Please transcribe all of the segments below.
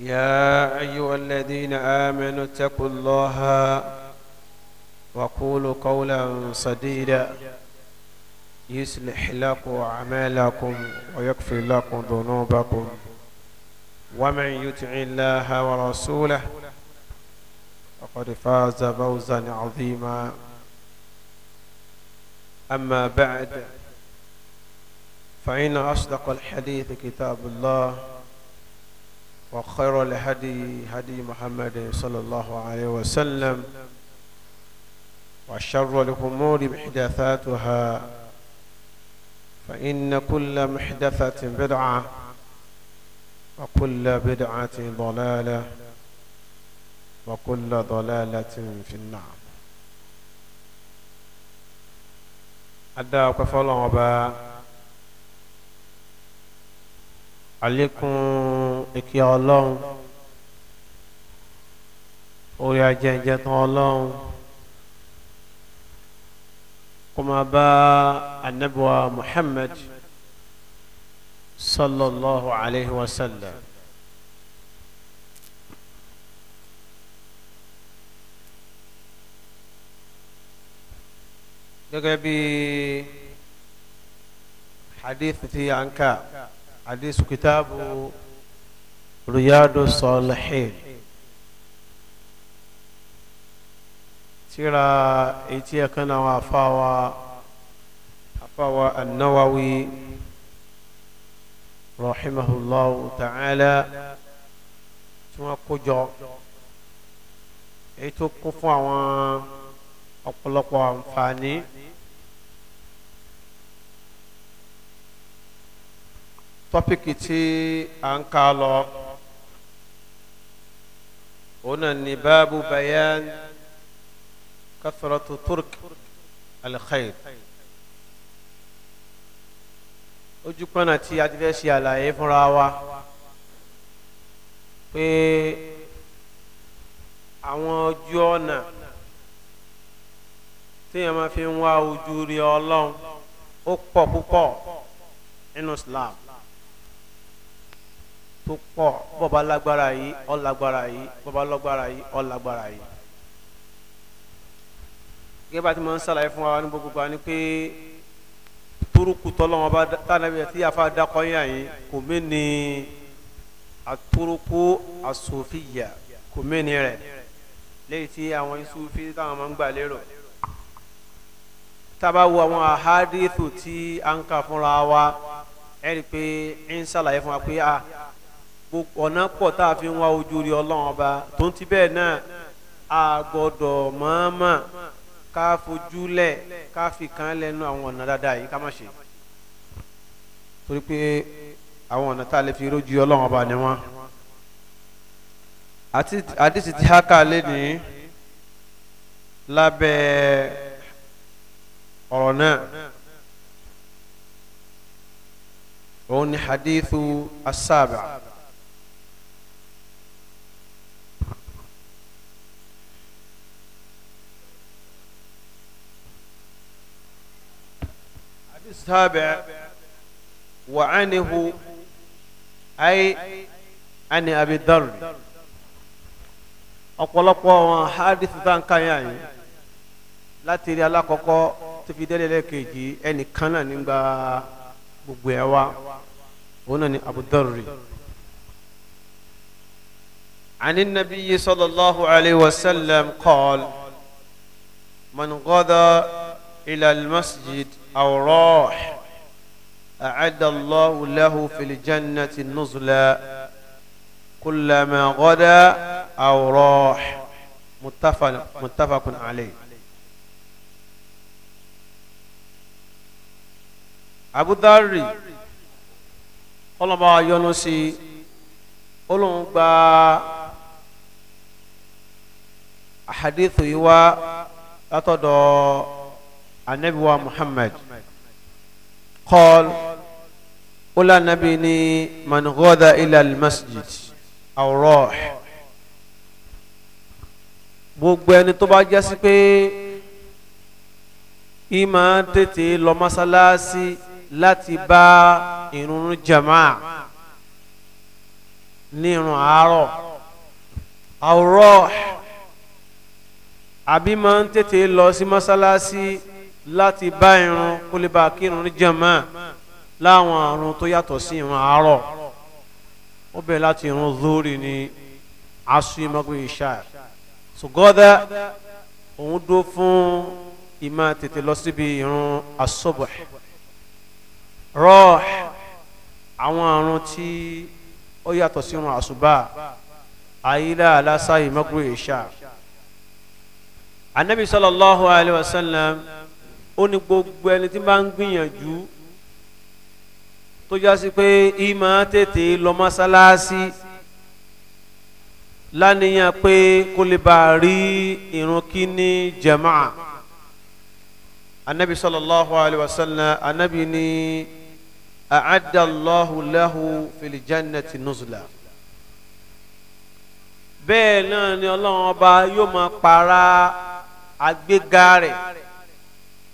يا أيها الذين آمنوا اتقوا الله وقولوا قولا صديدا يصلح لكم أعمالكم ويغفر لكم ذنوبكم ومن يطع الله ورسوله فقد فاز فوزا عظيما أما بعد فإن أصدق الحديث كتاب الله وخير الهدي هدي محمد صلى الله عليه وسلم وشر الأمور محدثاتها فإن كل محدثة بدعة وكل بدعة ضلالة وكل ضلالة في النار أدعوك فالله àlékún ìkẹ́ ọlọ́run orí ajẹ́jẹ́ tán ọlọ́run kó máa bá anábíwá Muhammad sallallahu alayhi wa sallam. gẹ́gẹ́ bí hadith tí a حديث كتاب رياض الصالحين ترى ايتي كان وافاوا افاوا النووي رحمه الله تعالى ثم كوجو ايتو كفوا ọ̀pọ̀lọpọ̀ àǹfààní tọ́píkì tí a ń ká lọ òun náà ní báàbù bayan kathratu turk alkhair ojú pọ́nà tí a ti fẹ́ ṣe àlàyé fúnra wa pé àwọn ojú ọ̀nà téèyàn máa fi ń wá ojú rí ọlọ́run ó pọ̀ púpọ̀ nínú Islam tó pọ̀ bọ́ba lágbára yìí ọlágbára yìí bọ́ba lọ́gbára yìí ọlágbára yìí. gẹ́gẹ́ bá ti máa ń ṣàlàyé fún wa ní gbogbo gba ni pé turuku tọ́lọ́wọ́n bá tànàbí ẹ̀ tí yàfa dakọ̀ yà yìí kò mí ni aturuku asòfìyà kò mí ni rẹ̀ léyìí tí àwọn isufi táwọn máa ń gbà lérò tábà wo àwọn àhádìtò tí a ń kà fúnra wa ẹ̀rí pé ń ṣàlàyé fún wa pé a ọ̀nà pọ̀ tá a fi ń wá ojú rí ọlọ́run ọba tó ń ti bẹ́ẹ̀ náà a gbọ́dọ̀ mọ̀ọ́mọ̀ ká fojúlẹ̀ ká fi kan lẹ́nu àwọn ọ̀nà dáadáa yìí ká má ṣe torí pé àwọn ọ̀nà tá a lè fi rójú ọlọ́run ọba ni wọ́n àdìsí ti há ká lé lábẹ́ ọ̀rọ̀ náà òun ni hadithu asaba. As السابع وعنه أي عن أبي ذر ọ̀pọ̀lọpọ̀ àwọn hadith tá n ká yá yín láti rí alákọ̀ọ́kọ́ tó fi délé lẹ́ẹ̀kejì ẹnìkan náà nígbà gbogbo ẹ̀ wá òun náà ni Abu Dharr عن النبي صلى الله عليه وسلم قال من غدا إلى المسجد أو راح أعد الله له في الجنة النزلا كلما غدا أو راح متفق متفق عليه Abu Dharri ọlọmọ ayọnu sí olóhùn gba àhàdìtò yìí wá látọ̀dọ̀ anabi wa muhammad kọ́l wula nabi ni man ghada ila almasjid aw rah gbogbo ẹni tó bá jásí pé ìmọ̀ tètè lọ mọ́sálásí láti bá ìrun jamaa ní ìrun àárọ̀ aw àbí máa tètè lọ sí mọ́sálásí. Si láti bá irun kó lè bá kírun ní jàmá láwọn àrùn tó yàtọ̀ sí irun àárọ̀ ó bẹ̀rẹ̀ láti irun zórí ní asri magbe isha ṣùgọ́dá òun dó fún ìmá tètè lọ síbi irun asọ́bọ̀ rọ́ọ̀ àwọn àrùn tí ó yàtọ̀ sí irun àṣùbà àyílá aláṣà ìmọ̀gbé isha anabi sallallahu alayhi wa sallam ó ní gbogbo ẹni tí bá ń gbìyànjú tó já sí pé ìmọ̀ tètè lọ mọ́sálásí lánìyàn pé kó lè bá a rí irun kí ní jama'a anabi sallallahu alayhi wa sallam anabi ni a'adallahu lahu fil nuzula bẹ́ẹ̀ náà ni ọlọ́run ọba yóò máa para àgbéga rẹ̀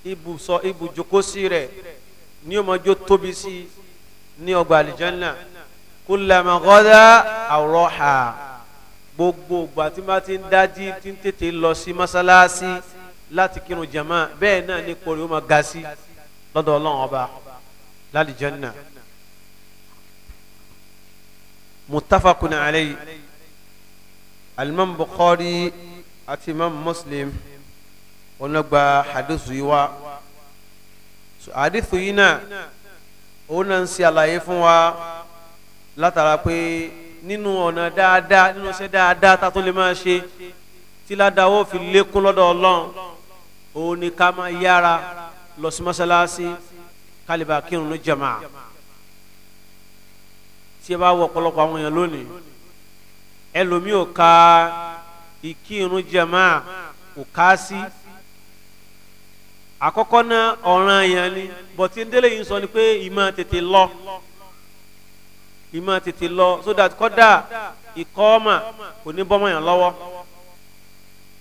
ibùsọ ibùjókòsí rẹ̀ ní ọmọjó tóbi sí ní ọgbà àlìjánná kullama ghada awraha gbogbo ìgbà tí wọ́n ti ń dájí tí ń tètè lọ sí mọ́sálásí láti kírun jàmá bẹ́ẹ̀ náà ní kórè ó máa ga sí lọ́dọ̀ ọlọ́run ọba lálìjánná muttafaqun alayhi alimami bukhari àti imam muslim. muslim wọn lọ gba hadithu yìí wá so hadithu yìí náà òun náà ń ṣe àlàyé fún wa látara pé nínú ọ̀nà dáadáa nínú iṣẹ́ dáadáa tá a tún lè máa ṣe tí ládàáwó fi lékún lọ́dọ̀ ọlọ́run òun ni ká máa yára lọ sí mọ́sálásí kálíbà kírun ní jàmá tí ẹ bá wọ ọ̀pọ̀lọpọ̀ àwọn èèyàn lónìí ẹlòmíì ò ka ìkírun jàmá kò ká sí. Si àkọ́kọ́ náà ọ̀ràn yẹn ni bọ̀tí ndélé yìí sọ ni pé ìmọ̀ tètè lọ ìmọ̀ tètè lọ so that kọ́dà ìkọ́ ọmọ kò ní bọ́mọ yàn lọ́wọ́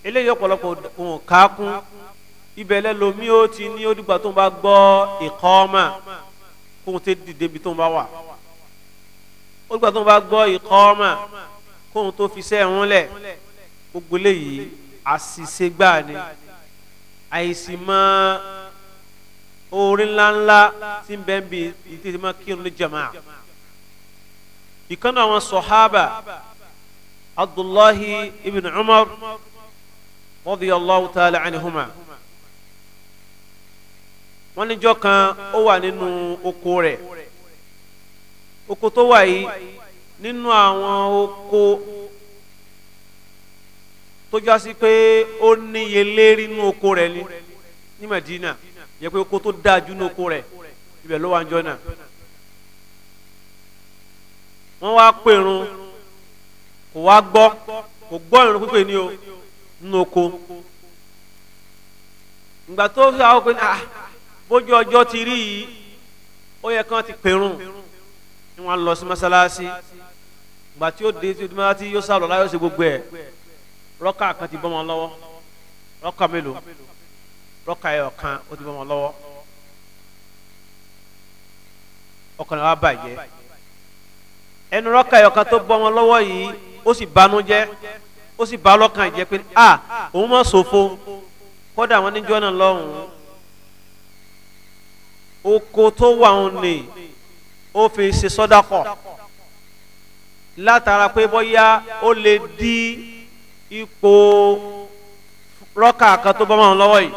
eléyìí ọ̀pọ̀lọpọ̀ òun kà á kún ibẹ̀ lẹ́lòmí ó ti ní ó dìgbà tó ń bá gbọ́ ìkọ́ ọmọ kó ń dìde ibi tó ń bá wà ó dìgbà tó ń bá gbọ́ ìkọ́ ọmọ kó tó fi sẹ́ẹ̀ ń lẹ̀ gbogbo eléyìí àṣìṣe gbáà ni àìsí mọ́ orin ńláńlá tí ń bẹ́ẹ̀ bí ìdíje máa kírun ní jama ìkànnì àwọn sọ̀hábà abdullahi ibn umar radiyallahu ta'ala anihuma wọ́n níjọ́ kan ó wà nínú oko rẹ̀ oko tó wà yìí nínú àwọn oko tó já sí pé ó níye lérí nínú oko rẹ̀ ni ní Madina yẹ pé oko tó dáa jù nínú oko rẹ̀ ibẹ̀ ló wà ń jọ náà wọ́n wá pèrún kò wá gbọ́ kò gbọ́ ìrún pípé ni o nínú oko ìgbà tó fi àwọn pé ah bójú ọjọ́ ti rí yìí ó yẹ kí ti pèrún ni wọ́n lọ sí mọ́sálásí ìgbà tí ó dé tí ó dé mọ́sálásí yóò sálọ láyọ̀ sí gbogbo ẹ̀ rọ́kà kan ti bọ́ wọn lọ́wọ́ rọ́kà mélòó rọ́kà ẹ̀ ọ̀kan ó ti bọ́ wọn lọ́wọ́ ọkàn wa bàjẹ́ ẹnu rọ́kà ẹ̀ ọ̀kan tó bọ́ wọn lọ́wọ́ yìí ó sì banújẹ́ ó sì bá lọ́kàn jẹ́ pé a òun mọ̀ ṣòfò kódà wọn níjọ́ náà lọ́hùn-ún oko tó wà òun ni ó fi ṣe sọ́dákọ̀ látara pé bóyá ó lè di ipò rọ́kà kan tó bọ́ mọ́ lọ́wọ́ yìí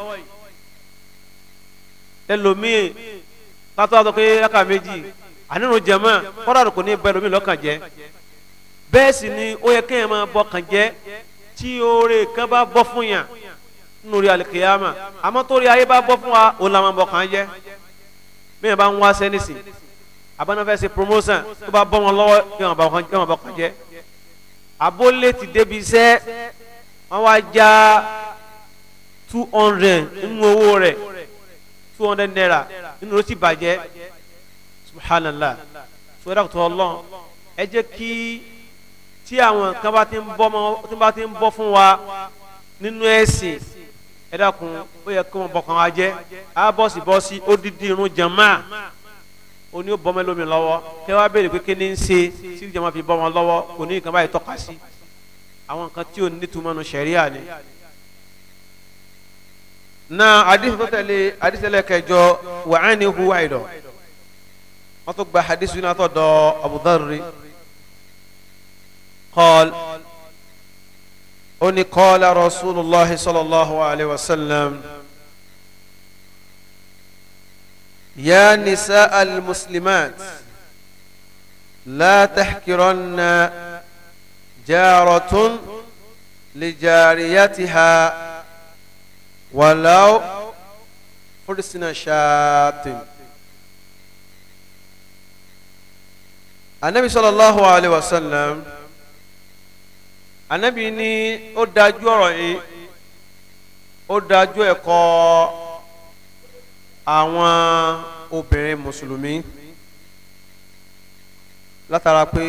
ẹlòmíì kátó àtọ́ pé rọ́kà méjì ànínú jẹ̀mọ́ kọ́dà kò ní bá ẹlòmíì lọ́kàn jẹ́ bẹ́ẹ̀ sì ni ó yẹ kéèyàn máa bọkàn jẹ́ tí oore kan bá bọ́ fún yàn nínú rí alikiyama àmọ́ tó rí ayé bá bọ́ fún wa ó la máa bọkàn jẹ́ bẹ́ẹ̀ bá ń wá sẹ́nìsì abanafẹ́sẹ̀ promotion tó bá bọ́ wọn lọ́wọ́ kéèyàn bọkàn jẹ́ abólé ti débi iṣẹ́ wọ́n wá já two hundred nínú owó rẹ̀ two hundred naira nínú ló sì bàjẹ́ subhanallah sọ́dọ̀ tó ọlọ́run ẹ jẹ́ kí tí àwọn nǹkan bá ti ń bọ́ tí bá ti ń bọ́ fún wa nínú ẹ̀sìn ẹ dákun ó yẹ kí wọ́n bọ̀kan wa jẹ́ á bọ́sibọ́sí ó dídí irun jẹ̀máà oní ó bọ́mọ lómi lọ́wọ́ kẹ́ wá béèrè pé kí ni ń ṣe tí ìjọba fi bọ́mọ lọ́wọ́ kò ní nǹkan báyìí tọ́ka sí àwọn nǹkan tí ò ní túmọ̀ nù sẹ̀ríà ni. na hadith tó tẹ̀lé hadith tẹ̀lé kẹjọ wà á ní hu àìdọ̀ wọ́n tó gba hadith yìí látọ̀ dọ̀ Abu Dharri qal ó ní sallallahu alayhi wa sallam. يا نساء المسلمات لا تحكرن جارة لجاريتها ولو فرسنا شات النبي صلى الله عليه وسلم النبي ني ó dájú ọ̀rọ̀ yìí àwọn obìnrin mùsùlùmí látara pé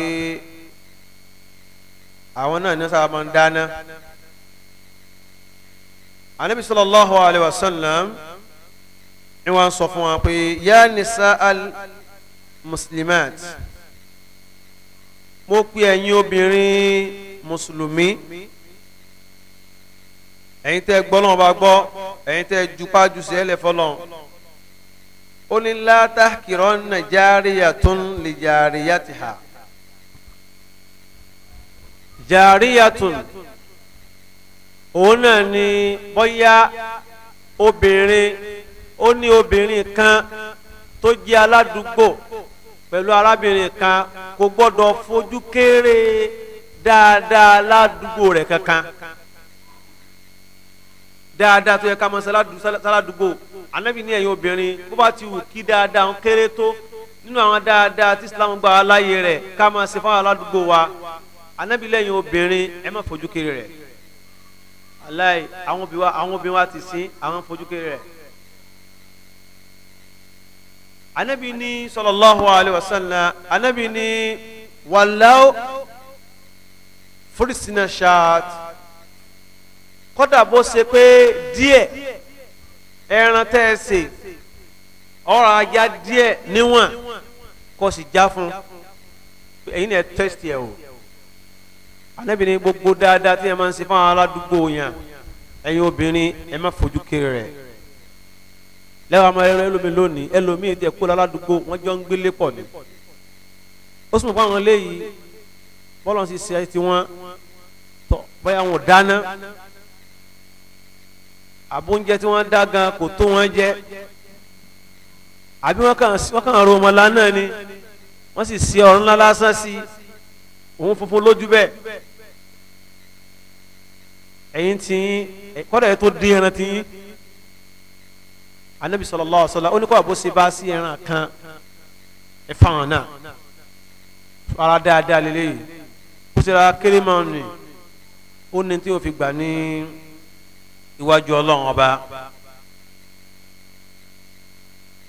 àwọn náà ní sábà máa ń dáná anabi sallallahu alayhi wa sallam ni wọn sọ fún wa pé yá nisa al muslimat mo pe ẹ̀yin obìnrin mùsùlùmí ẹ̀yin tẹ́ gbọ́ náà bá gbọ́ ẹ̀yin tẹ́ jupá jùsẹ̀ ẹ̀lẹ́fọ́ náà ó ní látà kìrọ̀ nà járíyà tó ń lè járíyà ti hà járíyà tó ń òun náà ni bóyá obìnrin ó ní obìnrin kan tó jẹ́ aládùúgbò pẹ̀lú arábìnrin kan kò gbọ́dọ̀ fojú kéré dáadáa ládùúgbò rẹ̀ kankan dáadáa tó yẹ ká mọ̀ sáládùúgbò anabi ní ẹ̀yin obìnrin bó bá ti wù kí dáadáa ń kéré tó nínú àwọn dáadáa tí islam gba aláyè rẹ̀ ká máa ṣe fáwọn aládùúgbò wa anabi lẹ́yìn obìnrin ẹ má fojú kéré rẹ̀ aláì àwọn obìnrin wa ti sin àwọn fojú kéré rẹ̀ anabi ní sallallahu alayhi wa sallam anabi ní walaw furisina shaat kódà bó ṣe pé díẹ̀ ẹran tẹ́ ẹ sè ọ̀rọ̀ ajá díẹ̀ níwọ̀n kò sì já fún ẹ̀yin ni ẹ tẹ́sítì ẹ̀ o Ànábì ní gbogbo dáadáa tí ẹ máa ń ṣe fáwọn aládùúgbò yẹn ẹ̀yin obìnrin ẹ má fojú kéré rẹ̀ lẹ́wọ̀n àmọ́ ẹ̀rọ ẹlòmíì lónìí ẹlòmíì tẹ̀ kó láládùúgbò wọ́n jọ ń gbélé pọ̀ ni ó sì mọ̀ fáwọn eléyìí bọ́lọ̀ sì ṣe ti wọ́n tọ̀ bóyá wọn dáná àbóúnjẹ tí wọ́n ń dá gan kò tó wọ́n jẹ àbí wọ́n kàn wọ́n kàn ro ọmọlá náà ni wọ́n sì ṣe ọ̀run ńlá lásán sí òun funfun lójú bẹ́ẹ̀ ẹ̀yin tí kọ́dà yẹn tó dín ẹran tí anabi sallallahu alaihi wasallam àbó ṣe bá sí ẹran kan ẹ fáwọn náà fara dáadáa lélẹ́yìí ó ṣe kéré máa ń ó ní tí wọ́n fi gbà ní iwájú ọlọ́run ọba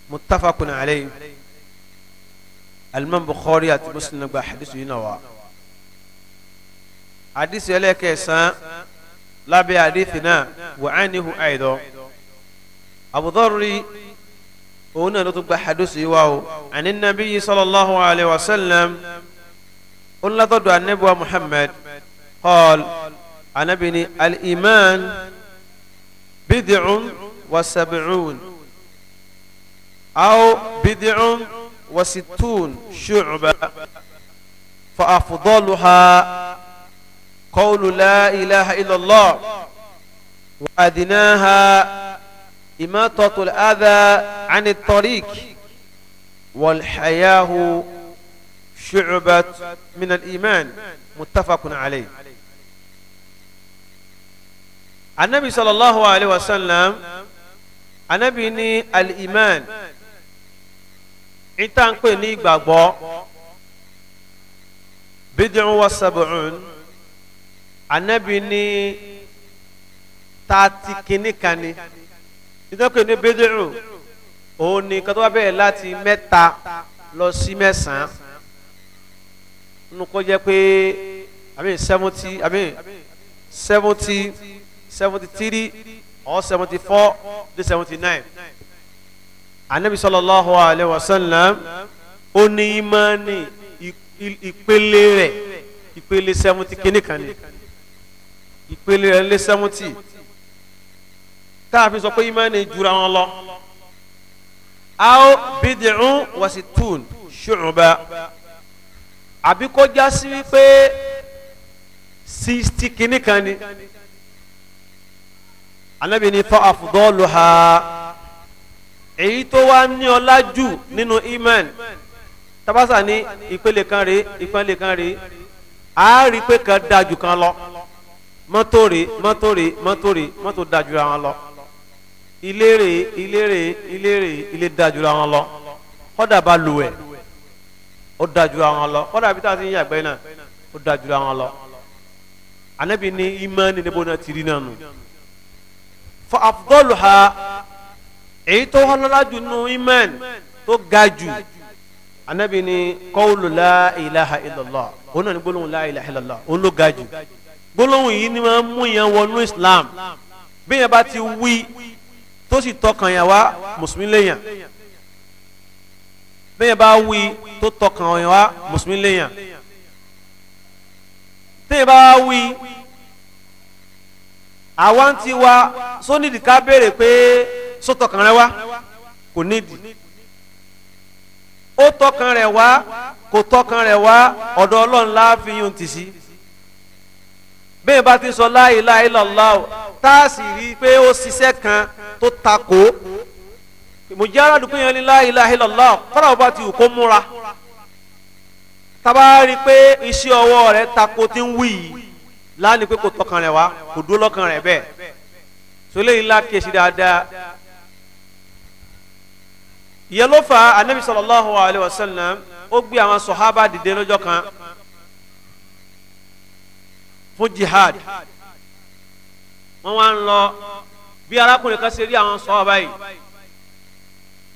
muttafaqun alayhi alimam bukhari àti muslim gba hadisi yìí náà wá hadisi ẹlẹ́kẹ̀sán lábẹ́ hadisi náà wà á níhu àìdọ́ Abu Dharri òun náà ló tún gba hadisi yìí wá o àní nabiyyi sallallahu alayhi wa sallam ó ń látọ̀dọ̀ anabiwa muhammad qal anabini al-iman. بدع وسبعون أو بدع وستون شعبة فأفضلها قول لا إله إلا الله وأدناها إماطة الأذى عن الطريق والحياة شعبة من الإيمان متفق عليه anabi sallallahu alayhi wa sallam anabi ní al-iman ìta ń pè ní ìgbàgbọ́ bid'un wa sab'un anabi ní taati kìíní kan ní ìta ń pè ní bid'un òun ni kátó wá láti mẹ́ta lọ sí mẹ́sàn-án nínú kó pé seventy seventy seventy three or seventy four to seventy nine anabi sallallahu alayhi wa sallam ó ní imani ìpele rẹ̀ ìpele seventy kìíní kan ni ìpele rẹ̀ lé seventy káàfin sọ pé imani jura wọn lọ aw bid'un wa situn shu'ba àbí kó wípé sixty kìíní ni anabi ni fa afdoluha èyí tó wá ní ọlá jù nínú iman tabasa ní ìpele kan rèé ìpele kan rèé a rí pé kan dájú kan lọ mọ́tò rèé mọ́tò rèé mọ́tò rèé mọ́tò dájú àwọn lọ ilé rèé ilé rèé ilé rèé ilé dájú àwọn lọ kọ́dà bá lu ẹ̀ ó dájú àwọn lọ kọ́dà bí táwọn ti ń yàgbẹ́ náà ó dájú àwọn lọ anabi ní iman ní níbo náà ti rí náà nù fa afdoluha èyí tó họlọ́lá jù nù imán tó ga jù anabi ni kọ́wùlù la ilaha illallah òun náà ni gbólóhùn la ilaha illallah òun ló ga jù gbólóhùn yìí ni máa ń mú yẹn islam bí yẹn bá ti wí tó sì tọkàn yẹn wá mùsùlùmí lèyàn bí yẹn bá wí tó tọkàn yẹn wá mùsùlùmí lèyàn tí yẹn bá wí àwa ń ti wa sónídìí ká béèrè pé sótọkàn rẹ wá kò nídìí ó tọkàn rẹ wá kò tọkàn rẹ wá ọ̀dọ̀ Ọlọ́run láàfin yóò ti sí bẹ́ẹ̀ bá ti sọ la ilaha illallah tá a sì rí i pé ó ṣiṣẹ́ kan tó takò mùjára dùkú yẹn ní la ilaha illallah kọ́nà ọba ti wù kó múra tá a bá rí i pé iṣẹ́ ọwọ́ rẹ̀ takò ti ń wí yìí láàánú pé kò tọkàn rẹ̀ wá kò dúró lọ́kàn rẹ̀ bẹ́ẹ̀ sọlẹ yìí la kesi dáadáa ìyẹn ló fa anabi sallallahu alayhi wa sallam ó gbé àwọn sọhábà dìde lọ́jọ́ kan fún jihad wọn wá ń lọ bí arákùnrin kan ṣe rí àwọn sọhábà yìí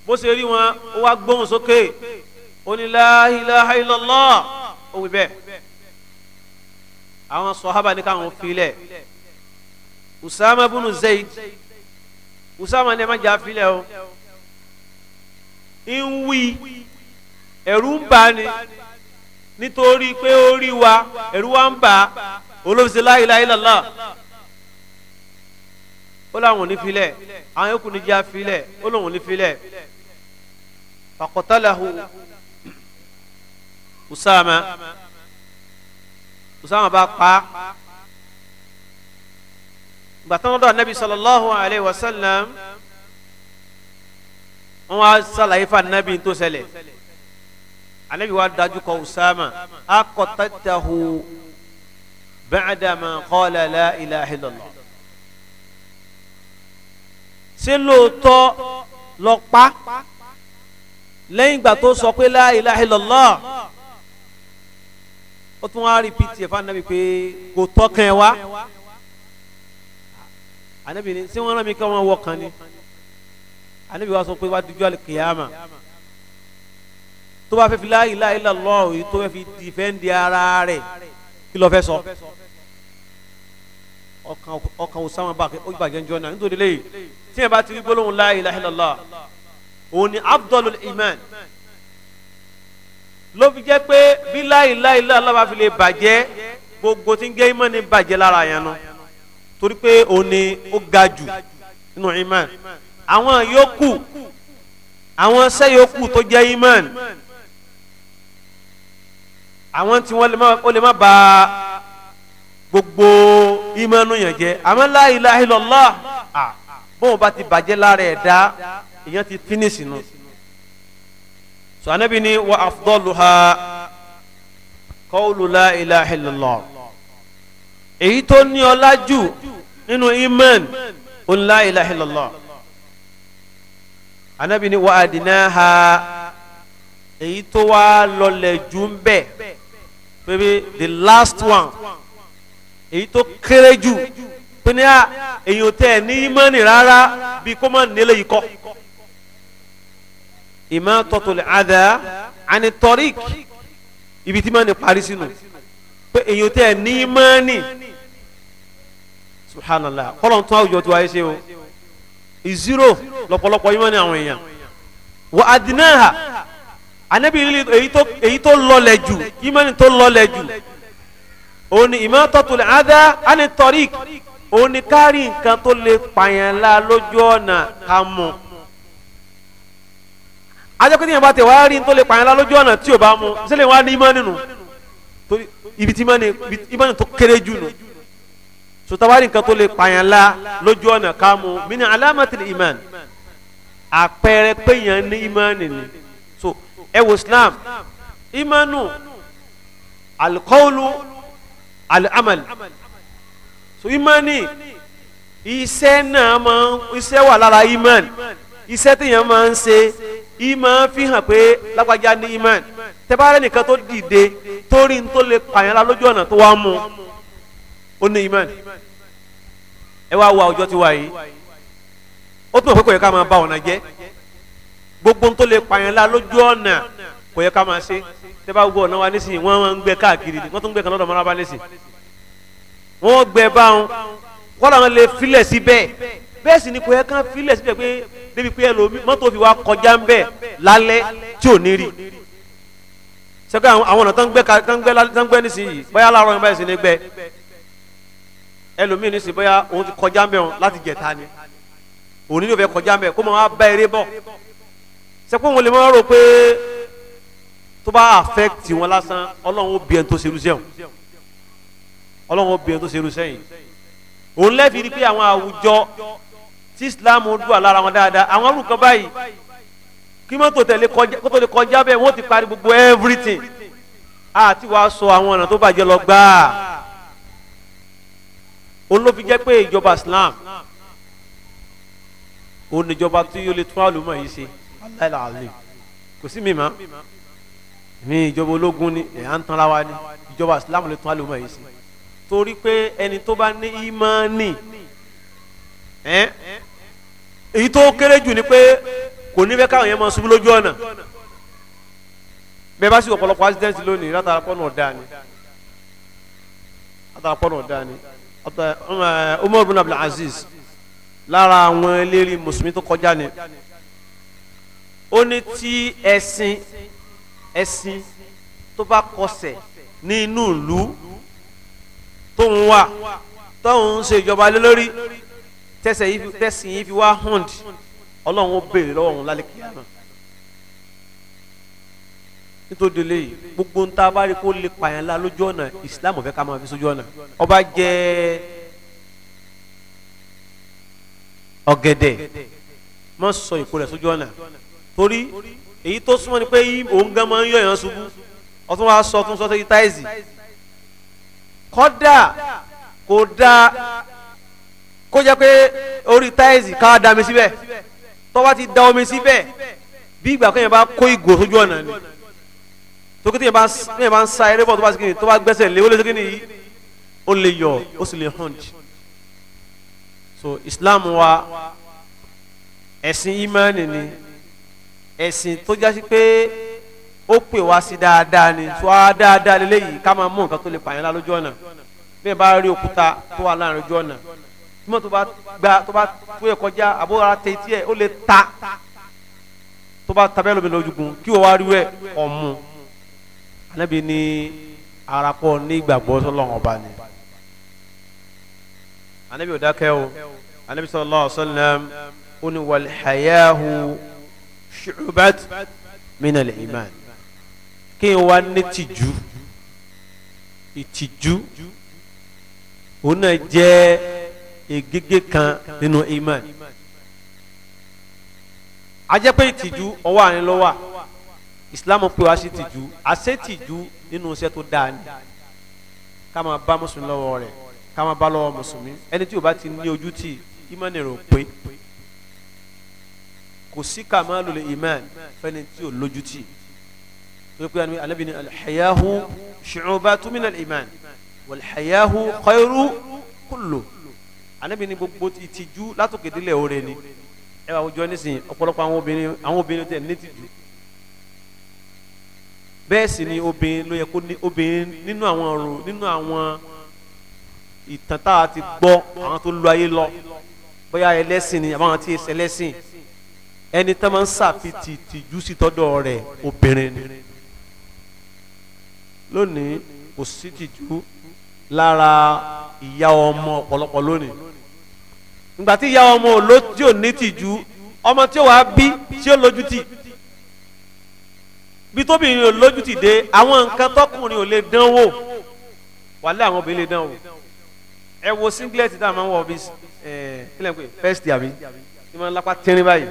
bó ṣe rí wọn ó wá gbóhùn sókè ó ní la àwọn sọ̀hábà ní káwọn filẹ̀ usama bunu zayd usama ní ẹ má jà filẹ̀ o ń wí ẹ̀rù ń bà ní nítorí pé ó rí wa ẹ̀rù wa ń bà olóòfìsì la ilaha ó láwọn ò ní filẹ̀ àwọn yòókù ní jà filẹ̀ ó lóun ò ní filẹ̀ faqatalahu usama usama bá pa gbàtàn dọ̀ anabi sallallahu alayhi wa sallam wọn á sàlàyé fún anabi tó ṣẹlẹ̀ anabi wa dájú kọ usama akọtatahu ba'dama qala la ilaha illallah ṣé lóòótọ́ lọ pa lẹ́yìn ìgbà tó sọ pé la ó tún wá rìpítì ẹ̀fọ́ anabi pé kò tọ́kàn wa. wá anabi ni ṣé wọ́n rán mi kí wọ́n wọ kan ni anabi wa sọ pé wá dúdú alikiyama tó bá fẹ́ fi la ilaha illallah yìí tó fẹ́ fi dìfẹ́ǹdì ara rẹ̀ kí ló fẹ́ sọ ọkàn òsàmà ó bàjẹ́ njọ́ náà nítorí lẹ́yìn tí yẹn bá ti rí gbólóhùn la ilaha òun ni abdulul iman. iman ló fi jẹ́ pé bí láìláìlá aláwa fi lè bàjẹ́ gbogbo tí ń jẹ́ ìmọ̀ ní bàjẹ́ lára yẹn nu torí pé òun ni ó ga jù nínú ìmọ̀ àwọn yòókù àwọn iṣẹ́ yòókù tó jẹ́ ìmọ̀ àwọn tí wọ́n lè má ba gbogbo ìmọ̀ nù yẹn jẹ́ àmọ́ láìláìlá bóun bá ti bàjẹ́ lára ẹ̀ dá èèyàn ti fínísì nù. No so anabi ni wa afdoluha kawlu la ilaha illallah èyí tó ní ọlá jù nínú iman òun la ilaha illallah anabi ni wa adinaha èyí tó wá lọlẹ̀ jù ń bẹ̀ pépé the last one èyí tó kéré jù pé ní à èyí ò tẹ̀ ní imani rárá bí kò mọ̀ nílé yìí kọ́ imatatul adha ani tariq ibi tí ma ní parí sínú pé èyí tẹ ní mọ́ni subhanallah kọ́lọ̀ tún àwùjọ tó wáyé ṣe o ìzírò lọ́pọ̀lọpọ̀ yìí mọ́ ní àwọn èèyàn wà á dín náà hà anabi lili èyí tó lọlẹ̀ jù yìí mọ́ ní tó lọlẹ̀ jù òní imatatul adha ani tariq òní kárí nǹkan tó lè pààyàn la lójú ọ̀nà kà mọ́ ajẹ́kùtì yẹn bá tẹ̀ wáá rí n tó lè pààyàn lójú ọ̀nà tí ò bá mu sílẹ̀ wá ní ìmánì nù torí ibi tí ìmánì ìmánì tó kéré jù nù sotabari nǹkan tó lè pààyàn la lójú ọ̀nà ká mu mí ni alámàtìlì ìmánì àpẹẹrẹ ní ìmánì ni so ẹ wo Islam ìmánù alikọ́ọ̀lù alamal so ìmánì iṣẹ́ náà máa iṣẹ́ wà lára ìmánì iṣẹ́ tẹ̀yàn máa ń ṣe. Iman fi hàn pé lágbájá ní Iman. tẹ́bárẹ́ nìkan tó dìde torí n tó lè pààyàn la lójú ọ̀nà tó wá mú ó ní ìmọ̀ ẹ wá wo àwùjọ ti wà yìí ó tún bọ̀ pé kò yẹ ká máa ba ọ̀nà jẹ́ gbogbo n tó lè pààyàn la lójú ọ̀nà kò yẹ ká máa ṣe tẹ́bá gbogbo ọ̀nà wa nísìnyí wọ́n máa ń gbẹ káàkiri wọ́n tún gbẹ kan lọ́dọ̀ mọ́ra bá nísìnyí wọ́n gbẹ báwọn kọ́lá wọn lè filẹ̀ síbẹ̀ bẹ́ẹ̀ sì ni kò yẹ kán filẹ̀ síbẹ̀ pé débi pé ẹlòmí mọ́tò fi wá kọjá ń bẹ̀ lálẹ́ tí ò ní rí sẹ́kọ̀ àwọn ọ̀nà tán gbẹ́ tán gbẹ́ nísìnyí bóyá láàárọ̀ yẹn báyìí sì ni gbẹ́ ẹlòmí nísìnyí bóyá òun ti kọjá ń bẹ̀ wọn láti jẹ̀ta ni òun nílò fẹ́ kọjá ń bẹ̀ kó máa bá eré bọ̀ sẹ́kọ̀ wọn lè máa rò pé tó bá affect wọn lásán ọlọ́run ó bí ẹni tó ṣerú sẹ́wọ̀n ọlọ́run ó bí ẹni tó ṣerú tí islam dùn àlára wọn dáadáa àwọn orúkọ báyìí kí mọ́tò tẹ̀lé kọjá kótó lè kọjá bẹ́ẹ̀ wọ́n ti parí gbogbo everything àti wàá sọ àwọn ọ̀nà tó bàjẹ́ lọ gbáà olófin jẹ́ pé ìjọba islam òun níjọba tí yóò lè tún àlùmọ̀ yìí ṣe aláìláàlè kò sí mi mọ́ mi ìjọba ológun ni ẹ̀yà ń tanra wa ni ìjọba islam lè tún àlùmọ̀ yìí ṣe torí pé ẹni tó bá ní ìmánì ẹ́ èyí tó kéré jù ni pé kò ní fẹ́ káwọn yẹn máa ṣubú lójú ọ̀nà bẹ́ẹ̀ bá sì ọ̀pọ̀lọpọ̀ accident lónìí látara pọ́nà ọ̀dà ni látara pọ́nà ọ̀dà ni Umar bin Abdul Aziz lára àwọn eléré mùsùlùmí tó kọjá ni ó ní tí ẹṣin ẹṣin tó bá kọsẹ̀ ní inú ìlú tó ń wà tó ń ṣèjọba lé lórí tẹsẹ̀ yìí tẹsìn yìí fi wá hund ọlọ́run ó béèrè lọ́wọ́ òun lálẹ́ kíyàmá nítorí délé yìí gbogbo ń ta bá kó lè pààyàn la lójú ọ̀nà islam ọ̀fẹ́ ká máa fi sójú ọ̀nà ọba jẹ ọ̀gẹ̀dẹ̀ má sọ ìkó rẹ̀ sójú ọ̀nà torí èyí tó súnmọ́ ni pé òun gan máa ń yọ̀yàn ṣubú ọtún wa sọ tún sọ sí táìsì kọ́dà kò dáa kó jẹ́ pé orí táìsì ká da omi síbẹ̀ tó bá ti da omi síbẹ̀ bí ìgbà kéèyàn bá kó ìgò sójú ọ̀nà ni tó kéèyàn bá kéèyàn bá ń sa eré bọ̀ tó bá sikini tó bá gbẹ́sẹ̀ lé ó sikini yìí ó lè yọ ó sì lè hàn jì so Islam wa ẹ̀sìn ìmánì ni ẹ̀sìn tó jásí pé ó pè wá sí dáadáa ni tó á dáadáa lélẹ́yìí ká máa mú nǹkan tó lè pààyàn lá ọ̀nà bí ẹ bá rí òkúta tó wà láàrin ojú ọ̀nà mọ tó bá gba tó bá tó yẹ kọjá àbó ara tẹ etí ẹ ó lè ta tó bá tabẹ́ lómi lójúgun kí wọ́n wá rí rẹ ọ̀mù anábì ní arapọ̀ ní ìgbàgbọ́ sọlọ́n ọba ni anábì ò dákẹ́ o anábì sallallahu alaihi wasallam ó ní wal hayahu shu'bat minal iman kí n wá ní tìjú ìtìjú òun náà jẹ́ egege kan nínú iman ajẹ́pẹ́ ìtìjú ọwọ́ àárín lọ́wọ́ islam pé wá sí ìtìjú àṣẹ ìtìjú nínú iṣẹ́ tó dáa ni ká máa bá mùsùlùmí lọ́wọ́ rẹ̀ ká máa bá lọ́wọ́ mùsùlùmí ẹni tí ó bá ti ní ojú tì iman rẹ̀ ò pé kò sí kàmáàlù lè iman fẹ́ni tí ò lójú tì torí pé Ànábì ní alḥayahu shu'batun min al-iman wal-hayahu khayru anabi ni gbogbo ìtìjú látòkè délẹ̀ oore ni ẹ bá wùjọ nísìnyí ọ̀pọ̀lọpọ̀ àwọn obìnrin àwọn obìnrin tẹ̀ ní tìjú bẹ́ẹ̀ sì ni obìnrin ló yẹ kó ní obìnrin nínú àwọn ọ̀rọ̀ nínú àwọn ìtàn tá a ti gbọ́ àwọn tó lu ayé lọ bóyá ẹlẹ́sìn ni àbáwọn tí ẹsẹ̀ ẹni tó máa ń ṣàfitì tìjú sí tọ́dọ̀ rẹ̀ obìnrin ni lónìí kò sí tìjú lára ìyá ọmọ ọ̀pọ̀lọpọ̀ lónìí ìgbà tí ìyá ọmọ ò ló tí ò ní tìjú ọmọ tí ó wàá bí tí ó lójú tì bí tóbìnrin ò lójú tì dé àwọn nǹkan tọkùnrin ò lè dán wò wàlẹ́ àwọn obìnrin lè dán wò ẹ wo singlet tá a máa ń wọ bí ẹ kílẹ̀ pé first year mi tí wọ́n lápá tẹ́rín báyìí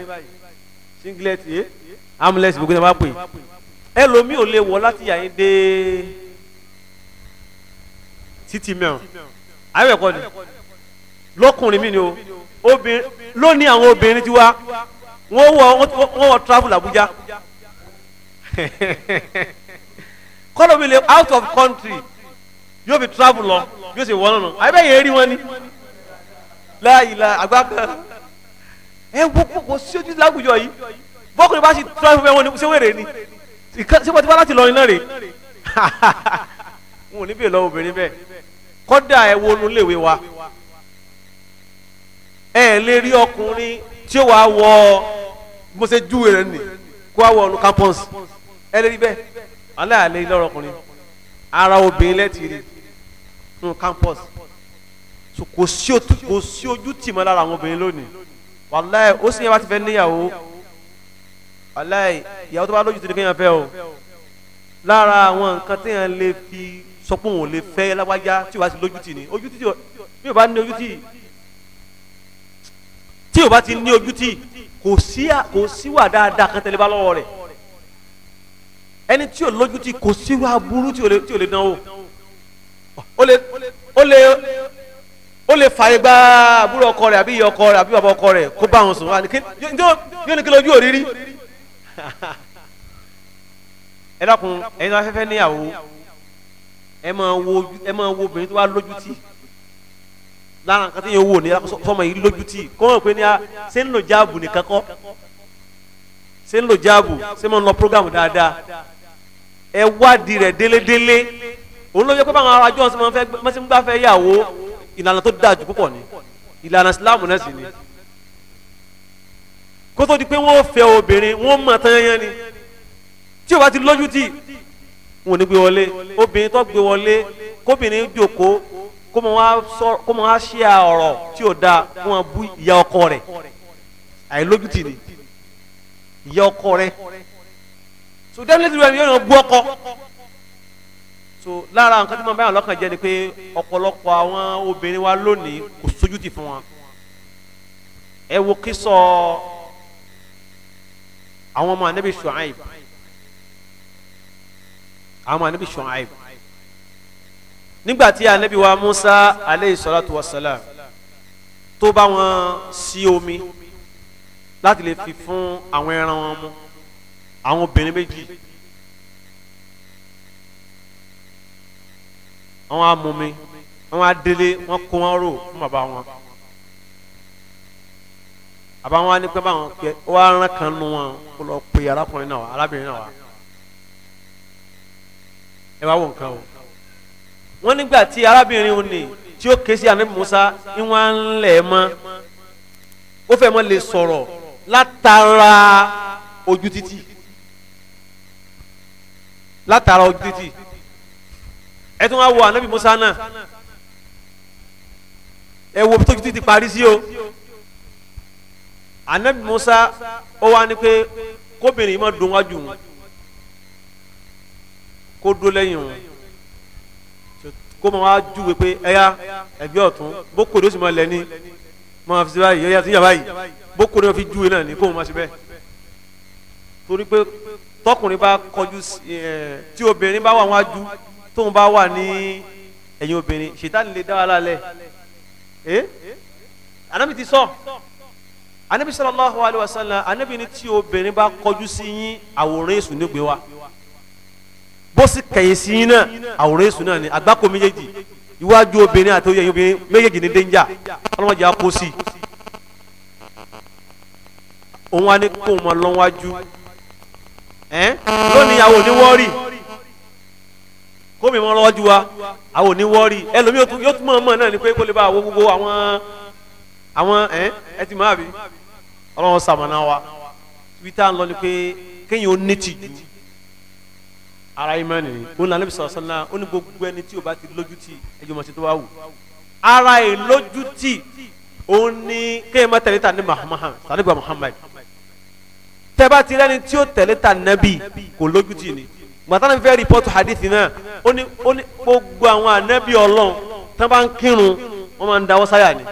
singlet yé eh, amulet gbogbo náà bá pè é ẹlòmíì ò lè wọ láti yà yín dé títí mẹ́rin ayọ̀ ẹ̀kọ́ ni lọ́kùnrin mi ni o obìnrin lónìí àwọn obìnrin ti wá wọ́n wọ wọ́n wọ travel Abuja kọ́lọ̀ mi lè out of country yóò fi travel lọ yóò sì wọ́n nù àyè bẹ́ẹ̀ yẹn rí wọn ni láàyè la àgbà kan ẹ wọ́n kò sí ojú láwùjọ yìí bọ́kùnrin bá sì travel fẹ́ wọn ni sẹ́wẹ̀rẹ̀ ni síbọ̀ tí wọ́n láti lọ iná rè wọn ò ní bèè lọ obìnrin bẹ́ẹ̀ kọ́dà ẹ̀ wọnú léwe wa ẹ lè rí ọkùnrin tí ó wàá wọ mo ṣe júwe rẹ nì kó wàá wọ ọ̀nù campus ẹ lè rí bẹ́ẹ̀ alẹ́ àlẹ́ ilé ọkùnrin ara obìnrin lẹ́tì rí nù campus kò sí ojú tì mọ́ lára àwọn obìnrin lónìí wàláì ó sì yẹn bá ti fẹ́ níyàwó wàláì ìyàwó tó bá lójú tó kéèyàn fẹ́ o lára àwọn nǹkan téèyàn lè fi sọ pé òun ò lè fẹ́ lágbájá tí ò bá ti lójú tì ní ojú tì tí ò bí ò bá ní ojú tì í tí o bá ti ní ojú tí kò sí kò síwà dáadáa kan tẹ̀lé bá lọ́wọ́ rẹ̀ ẹni tí o lójú tí kò síwà burú tí o lè tí o lè dán o o lè o lè o lè fàyè gba àbúrò ọkọ rẹ̀ àbí iye ọkọ rẹ̀ àbí bàbá ọkọ rẹ̀ kó bá wọn sùn wá ní kí yóò ní kí lójú òrírí ẹ dákun ẹ̀yin náà afẹ́fẹ́ níyàwó ẹ máa wo obìnrin tó wá lójú tí lára nǹkan tí yẹn wò ní sọmọ yìí lójú tì kọ́mọ̀ pé ní a ṣe ń lò jáàbù nìkan kọ́ ṣe ń lò jáàbù ṣe máa ń lọ prógámù dáadáa ẹ wádìí rẹ̀ délédélé òun ló yẹ pé báwọn ará jọ́ọ̀sì máa ń gbá fẹ́ yàwó ìlànà tó dáa jù púpọ̀ ni ìlànà Islam náà sì ni kó tó di pé wọ́n fẹ́ obìnrin wọ́n mọ̀ tán yẹn ni tí o bá ti lójú tì wọn ò ní gbé wọlé obìnrin tó gbé wọlé kóbìnrin jókòó kó mọ wá sọ kó mọ wá ṣe ọ̀rọ̀ tí ò da kó mọ bú ìyá ọkọ rẹ̀ àìlójútì ni ìyá ọkọ rẹ̀ so definitely rẹ yóò bú ọkọ so lára nǹkan tí mo bá yàn lọ́kàn jẹ́ ni pé ọ̀pọ̀lọpọ̀ àwọn obìnrin wa lónìí kò sójútì fún wọn ẹ wo kí sọ àwọn ọmọ anabi Shuaib àwọn ọmọ anabi Shuaib nígbàtí anabi wa musa aleyhi salatu wa salam tó bá wọn sí omi láti lè fi fún àwọn ẹran wọn mu àwọn obìnrin méjì àwọn amumi a adélé wọn kó wọn rò fún bàbá wọn bàbá wọn ní pé báwọn pé ó wá kan nu wọn kó lọ pe arákùnrin náà arábìnrin náà wá ẹ wá wọ nǹkan o wọ́n nígbà tí arábìnrin òun tí ó ké sí anabi musa ìwọ̀n à ń lẹ̀ mọ́ ó fẹ́ mọ́ lè sọ̀rọ̀ látara ojú títì látara ojú títì ẹ tún wá wo anabi musa náà ẹ wo tójú títì parí sí o anabi musa ó wá ní pé kóbìnrin yìí dùn wájú kó dó lẹ́yìn wọn kó máa wá júwe pé ẹyá ẹgbẹ́ ọ̀tún bókòdó sì máa lẹ ní máa fi ṣe báyìí ẹyá ti yà báyìí bókòdó máa fi júwe náà ní kó máa ṣe bẹ́ẹ̀ torí pé tọkùnrin bá kọjú tí obìnrin bá wà wọn ajú tóun bá wà ní ẹ̀yìn obìnrin ṣètánì lè dá wa lálẹ́ ẹ́ anabi ti sọ anabi sallallahu alayhi wa sallam anabi ni tí obìnrin bá kọjú sí yín àwòrán èṣù nígbè wa bó sì kẹ̀yìn sí yín náà àwòrán èso náà ni àgbákò méjèèjì iwájú obìnrin àti oyè obìnrin méjèèjì ní dénjà ọlọ́mọdé á kó sí i òun wa ní kó mọ lọ́wájú ẹ́n lónìí àwọn oníwọ́ọ̀rì kó mi mọ lọ́wájú wa àwọn oníwọ́ọ̀rì ẹlòmíì yóò tún mọ̀ ọ́n mọ̀ náà ni pé kó lè bá àwọn gbogbo àwọn àwọn ẹ́n ẹ ti máa bí ọlọ́run sàmọ̀nà wa ibi tá à ń lọ ni pé kéèyàn ó ní tìjú ara imani ni òun lànà bisọ sọlá ó ní gbogbo ẹni tí o bá ti lójútì ẹjọ mọ sí tó bá wù ara ẹ lójútì òun ni kéèyàn má tẹ̀lé ta ní Muhammad sàlẹ́gbà Muhammad tẹ́bá ti rẹ́ni tí ó tẹ̀lé ta nẹ́bì kò lójútì ni gbàtà ní fẹ́ hadithi hadith náà ó ní ó ní gbogbo àwọn ànẹ́bì ọlọ́run tán bá ń kírun wọ́n máa ń dawọ́ sáyà ni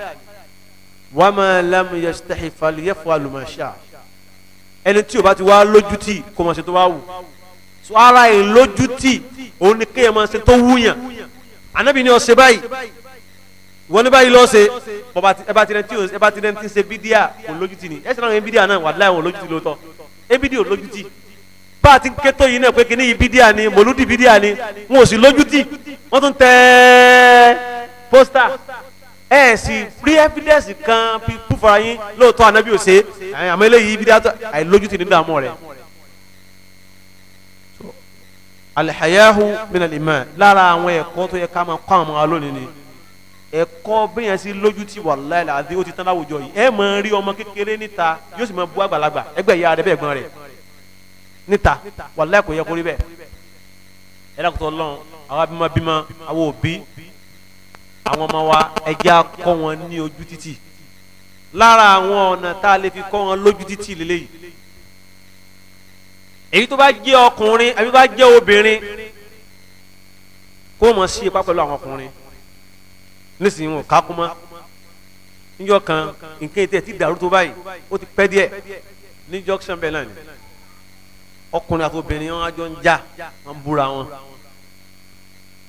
wa ma lam yastahi falyaf'al ma ẹni tí o bá ti wá lójútì kò mọ̀ sí tó bá wù so ara yìí lójútì òun ni kéèyàn máa ṣe tó wúyàn anabi ni ọ̀sẹ̀ báyìí wọ́n ní báyìí lọ́sẹ̀ ẹba ti rẹntí ẹba ti rẹntí ṣe bídíà kò lójútì ni ẹ̀sìn náà bídíà náà wàdúrà wọn lójútì lóòótọ́ ebídíò lójútì bá a ti ké tó yìí náà pé kíní yìí bídíà ni mòlúdì bídíà ni wọn ò sì lójútì wọ́n tún tẹ́ pósítà ẹ sì rí evidence kan fúnfara yín lóòótọ́ anabi ò ṣe àmọ́ eléyìí bídíà àìlójútì nínú alihayahu minal iman lára àwọn ẹ̀kọ́ tó yẹ ká máa kọ́ àwọn ọmọ alónìí ni ẹ̀kọ́ bẹyàn sí lójú tí wàláyé la àti ó ti tán láwùjọ yìí ẹ máa rí ọmọ kékeré níta yóò sì máa bú àgbàlagbà ẹgbẹ́ ìyá rẹ bẹ́ẹ̀ gbọ́n rẹ níta wàláyé kò yẹ kó rí bẹ́ẹ̀ ẹ dákòtò lọ́n àwọn abimabima àwọn òbí àwọn ọmọ wa ẹjẹ́ akọ́ wọn ní ojú títì lára àwọn ọ̀nà tá a lè fi kọ́ wọn lójú títì lélẹ́yìí èyí tó bá jẹ́ ọkùnrin àbí tó bá jẹ́ obìnrin kó mọ̀ sí ipa pẹ̀lú àwọn ọkùnrin nísìnyí wọn ká kú mọ́ níjọ́ kan nǹkan ètò ẹ̀ ti dàrú tó báyìí ó ti pẹ́ díẹ̀ ní junction bẹ́ẹ̀ náà ni ọkùnrin àti obìnrin wọn àjọ ń jà wọn ń búra wọn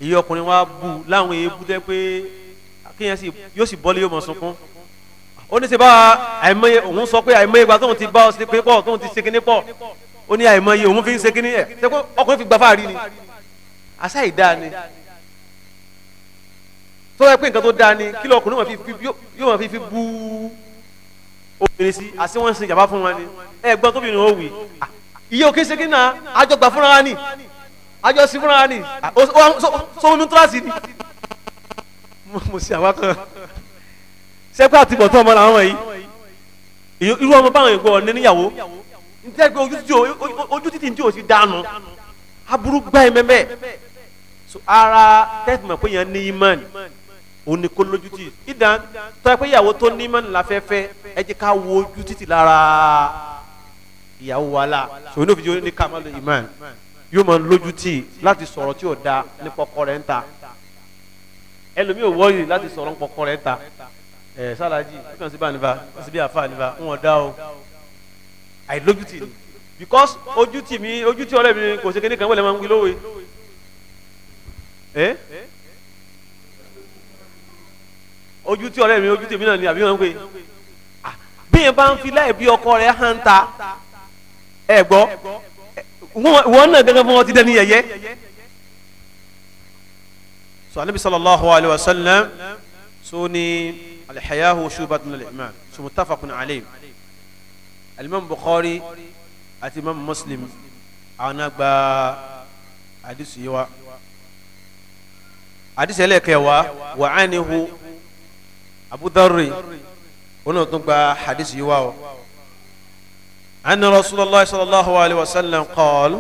èyí ọkùnrin wa bù láwọn èébú tẹ́ pé kéèyàn sì yóò sì bọ́lé yóò mọ̀ sunkún ó ní sè bá àìmọye òun sọ pé àìmọye ìgbà tóun ti bá ọ sí pé pọ̀ tóun ti segin ní pọ̀ ó ní àìmọye òun fi ń ṣe kíní ẹ̀ tẹ́kọ́ ọkùnrin fi gba fáàrí ni àṣà ìdá ni tó yẹ pé nǹkan tó dáa ni kí lọkùnrin yóò máa fi fi bú obìnrin sí àṣé wọ́n ń ṣe ìjàmbá fún wọn ni ẹ gbọ́n tóbi ni ó wì iye òkè ṣe kíní náà àjọgbà fúnra wa ni àjọ sí fúnra wa ni sọ́wọ́n mi tó láti ni mo ṣe àwa kan sẹ́pẹ́ àtibọ̀tán ọmọ làwọn yìí irú ọmọ báwọn ìgbọ́ ọ ní níyàwó nítorí pé ojú títì tí o ti dànù aburú gbá ẹ mẹ́mẹ́ so ara tẹ́tí mọ̀ pé yẹn ní imán òní kó lójú tì ìdán tọ́ ẹ pé ìyàwó tó ní imán láfẹ́fẹ́ ẹ jẹ́ ká wo ojú títì lára ìyàwó wa la so inú fìdí ní ká má lo imán yóò máa lójú tì láti sọ̀rọ̀ tí ò da nípa ọkọ rẹ̀ ń ta ẹlòmíì ò wọ́ọ̀yì láti sọ̀rọ̀ nípa ọkọ rẹ̀ ń ta ẹ̀ sálàjì ó kàn sí bá nípa ó sì bí àfa nípa ń wọ́n dá o àìlójútì ni because ojútì mi ojútì ọ̀rẹ́ mi kò ṣe kéde kan wọlé máa ń wí lówe ẹ eh? ojútì ọ̀rẹ́ mi ojútì mi náà ni àbí wọn ń pè ah, bí yẹn bá ń fi láì bí ọkọ rẹ̀ hàn ta ẹ gbọ́ wọn náà gẹ́gẹ́ fún wọn ti dẹni yẹ̀yẹ́ so anabi sallallahu alayhi wa sallam so ni alihayahu shubatun al-iman so mutafakun alayhi alimami bukhari àti imam muslim àwọn àgbà àdìsí yìí wa àdìsí ẹlẹ́kẹ̀wá wà á ní hu abudari wọn tún gba àdìsí yìí wa o anna rasulallah sallallahu alayhi wa sallam qaal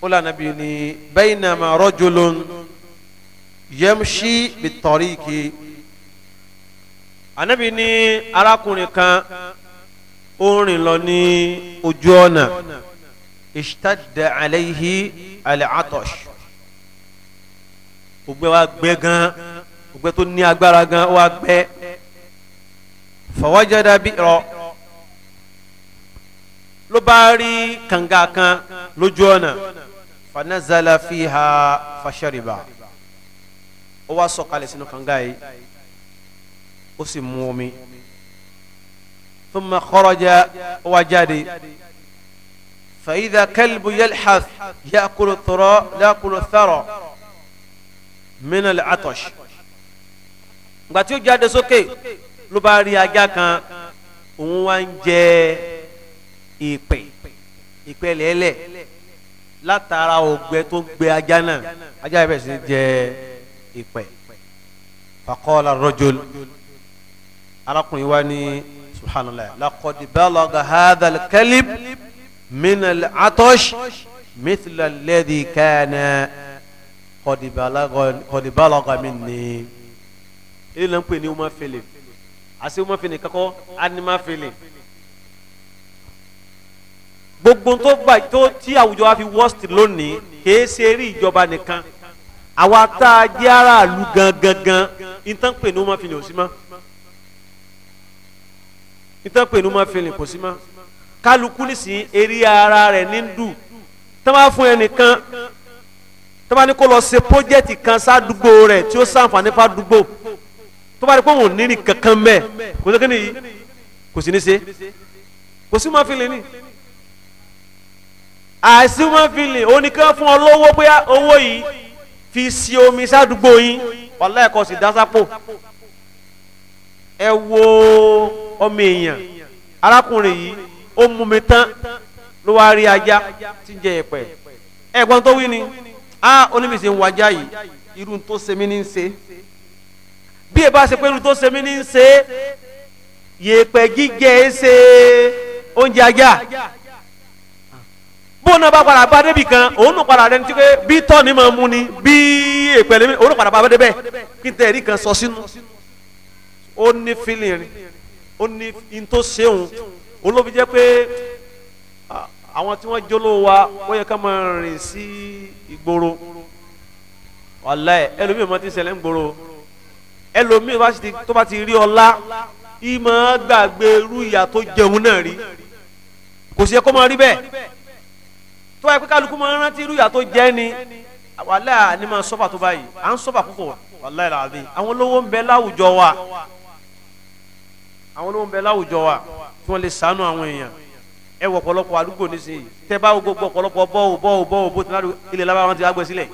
wula nabi ni baynama rajulun yamshi bitariki anabi ni arákùnrin kan ó rìn lọ ní ojú ọ̀nà ishtadda alayhi al-atash ògbẹ́ wa gbẹ́ gan ògbẹ́ tó ní agbára gan wa gbẹ́ fawajada bi'ra ló bá rí kànga kan lójú ọ̀nà fanazala fiha fashariba ó wá sọ̀kalẹ̀ sínú kànga yìí ó sì mu omi. ثم خرج وجري فإذا كلب يلحث يأكل الثرى يأكل الثرى من العطش ìgbà tí ó jáde sókè ló bá rí ajá kan òun wá ń jẹ ìpè ìpè lẹ́lẹ̀ látara ògbẹ tó gbẹ ajá náà ajá yẹn bẹ̀rẹ̀ sí jẹ ìpè faqala ar-rajul arákùnrin wa ní subhanallah laqad balagha hadha al-kalb min al-atash mithla alladhi قد بلغ balagha qad balagha minni ele la ń pè ní uma fele àti uma fele kakọ anima fele gbogbo tó gbà tó tí àwùjọ wa fi worst lónìí kìí ṣe rí ìjọba nìkan àwa tá a jẹ́ aráàlú gangan gan ìtàn pè ní uma fele ò sí mọ́ ìtànpẹ̀ inú máa fẹ́lẹ̀ kò sí ma kálukú nísìnyí eré ara rẹ̀ ní dù tó bá fún ẹnìkan tó bá ní kó lọ ṣe pọ́jẹ́tì kan sádùúgbò rẹ̀ tí ó sàǹfààní fàdúgbò tó bá rí pé òun ní ní kankan mẹ́ kò sí kíni yìí kò sí ní ṣe kò sí máa fẹ́lẹ̀ ní àìsí máa fẹ́lẹ̀ oníkan fún ọ lọ́wọ́ pé owó yìí fi ṣe omi sádùúgbò yín ọ̀la ẹ̀kọ́ sì dá sápò ẹ wo ọmọ èèyàn arákùnrin yìí ó mú mi tán ló wá rí ajá tí ń jẹ ẹ̀pẹ̀ ẹ̀gbọ́n tó wí ni a onímìsì ń wájà yìí irú tó ṣe mí ní í ṣe bí ẹ bá ṣe pé irú tó ṣe mí ní í ṣe yèèpẹ̀ gígé e ṣe oúnjẹ ajá bóun náà bá padà bá débi kan òun nù padà rẹ ní tíkẹ́ bí tọ́ni máa mú ni bí èèpẹ̀ òun nù padà bá débẹ̀ kí n tẹ̀ ẹ̀rí kan sọ sínú ó ní fílìn ó ní n tó ṣeun olóbi jẹ́ pé àwọn tí wọ́n jóló wa ó yẹ ká máa rìn sí ìgboro ọ̀la ẹ̀ ẹlòmíì máa ti ṣẹlẹ̀ ń gboro ẹlòmíì tó bá ti rí ọlá ìmọ̀ gbàgbé irú ìyà tó jẹun náà rí kò sí ẹ kó máa rí bẹ́ẹ̀ tó wáyé pé kálukú máa rántí irú ìyà tó jẹ́ ni wàhálà ni máa sọ́fà tó báyìí à ń sọ́fà púpọ̀ wàhálà ìlànà àwọn olówó ń bẹ láwùjọ wa àwọn olóhùn bẹ láwùjọ wa tí wọ́n lè sànú àwọn èèyàn ẹ wọ ọ̀pọ̀lọpọ̀ àdúgbò nísìnyí tẹ báwo gbogbo ọ̀pọ̀lọpọ̀ bọ́ọ̀ bọ́ọ̀ bọ́ọ̀ bó ti ládùú ilẹ̀ lábáwá ti gbàgbé sílẹ̀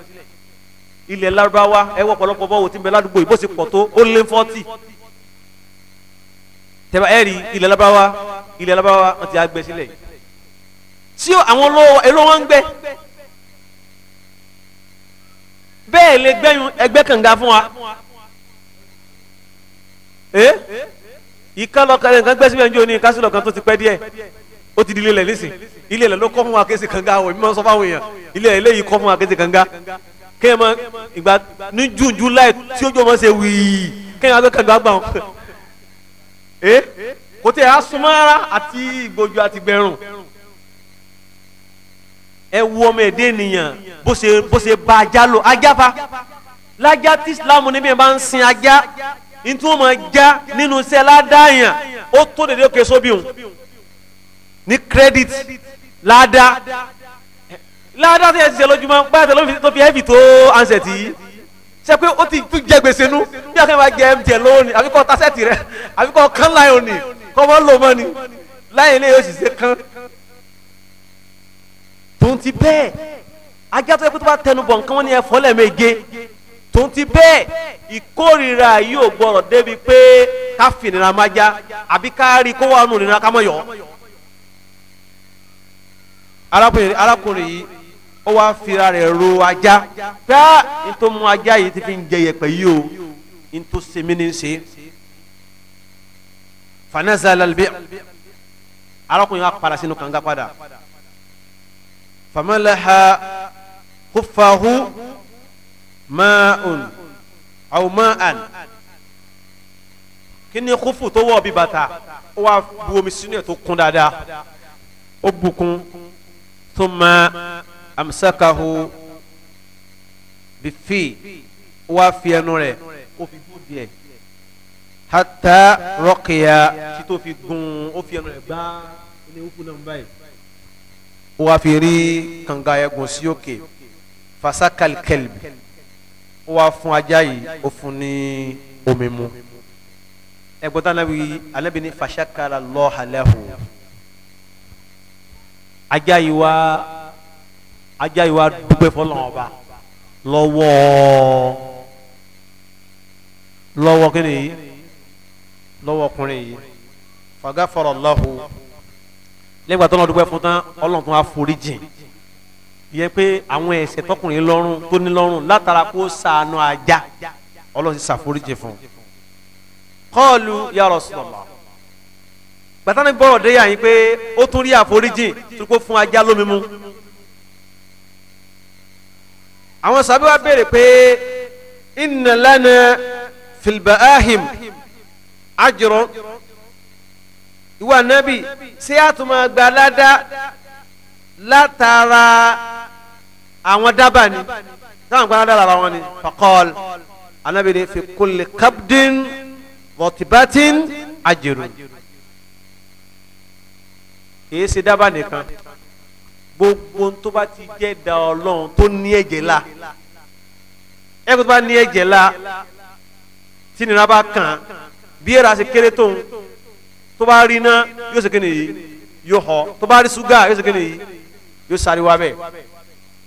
ilẹ̀ lárúbáwá ẹ wọ ọ̀pọ̀lọpọ̀ bọ́ọ̀ ti bẹ ládùúgbò yìí bó ti pọ̀ tó ó lé fọ́tì tẹ bá ẹ rí ilẹ̀ lárúbáwá ilẹ̀ lárúbáwá ti gbàgbé sílẹ̀ tí àwọn olówó èlò wọn ń gbẹ bẹ́ẹ̀ lè gbẹ́yìn ẹgbẹ́ kànga fún wa ìkálọ̀ kan nǹkan gbẹ́sí bẹ́ẹ̀ ń jó ní kásìlọ̀ kan tó ti pẹ́ díẹ̀ ó ti di ilé lẹ̀ nísìn ilé lẹ̀ ló kọ́ fún wa kéésì kanga àwọn ìmọ̀ sọ fáwọn èèyàn ilé lẹ̀ eléyìí kọ́ fún wa kéésì kanga kéèyàn mọ ìgbà ní june july tí ojú ọmọ ṣe wíì kéèyàn abẹ́ kanga gbà wọn. Eh? ẹ kò tẹ asúnmọ́ ara àti ìgbòjú àti gbẹrun ẹ wú ọmọ ẹ̀dẹ́ ènìyàn bó ṣe bá ajá lò ajá fa lájá tí islam níbi ẹ̀ bá ń sin ajá ntí wọn máa já nínú iṣẹ́ ládàáyàn ó tó dédé òkè sóbìun ní credit ládàá ládàá tó yẹ ti ṣe lójúmọ́ báyà tó fi ẹ́ẹ̀fì tó ansẹ̀ tì í ṣe pé ó ti tún jẹ gbèsè nú bí a kàn máa jẹ mtn lónìí àbíkọ tasẹ́ẹ̀tì rẹ àbíkọ kán láyò ní kọ́ mọ́ lò mọ́ ni láyé ilé yóò sì ṣe kán tòun ti bẹ́ẹ̀ ajá tó yẹ kó tó bá tẹnu bọ̀ nǹkan wọn ni ẹ fọ́ lẹ́ẹ̀mejì tó ti bẹ́ẹ̀ ìkórira yìí ò gbọ́rọ̀ débi pé ká fìnira má já àbí ká rí kó wà nù nira ká mọ̀ yọ̀. arákùnrin yìí ó wá fira rẹ̀ ro ajá pé nítorí mu ajá yìí ti fi ń jẹ yẹ̀pẹ̀ yìí o nítorí sèmi ní í ṣe. fanazala albi arákùnrin yìí padà sínú kànga padà famalaha kufahu máàun àwọn máàn kí ni kúfù tó wọ̀ bí bàtà ó wá bu omi sínú ẹ̀ tó kún dáadáa ó bukun tó máa amsakahu bifi ó wá fi ẹnu rẹ̀ ó fi bú díẹ̀ hata rọ́kìá tí tó fi gun ó fi ẹnu rẹ̀ gbá ní òkú náà báyìí ó wá fi rí kànga ẹ̀gùn sí òkè fasakal kelbi ó wá fún ajá yìí ó fún ní omi mu ẹgbọ́n tán lẹ́bi alẹ́bi ní fàṣàkàrà lọ́hàlẹ́hù ajá yìí wá ajá yìí wá dúpẹ́ fọlọ́ọ̀ba lọ́wọ́ lọ́wọ́ kí ni lọ́wọ́ ọkùnrin yìí fàgáfọ̀rọ̀ lọ́hù lẹ́gbàá tó lọ́ọ́ dúpẹ́ fún tán ọlọ́run tó forí jìn yẹ pé àwọn ẹ̀ṣẹ̀ tọkùnrin lọ́rùn tó ní lọ́rùn látara kó sànù ajá ọlọ́run ti ṣàforíjì fún un. kọ́ọ̀lù ya Rasulullah gbàtà ní bọ́rọ̀ déyà yín pé ó tún rí àforíjì tó kó fún ajá lómi mu. àwọn sàbí wa béèrè pé inna lana fil baahim ajran ìwà nábì ṣé àtúmọ̀ gbàládá látara àwọn dábàá ni táwọn gbọ́dọ̀ dára wọn ni fakọ́l anabini fi kulli kabdin wọ́tìbátìn àjèrò kìí ṣe dábàá nìkan gbogbo tó bá ti jẹ́ da ọlọ́run tó ní ẹ̀jẹ̀ la ẹ kó tó bá ní ẹ̀jẹ̀ la tí nira bá kàn bí ẹ̀rọ àti kéré tóun tó bá rí iná yóò ṣe kí nìyí yóò họ tó bá rí ṣúgà yóò ṣe kí nìyí yóò sáré wa bẹ́ẹ̀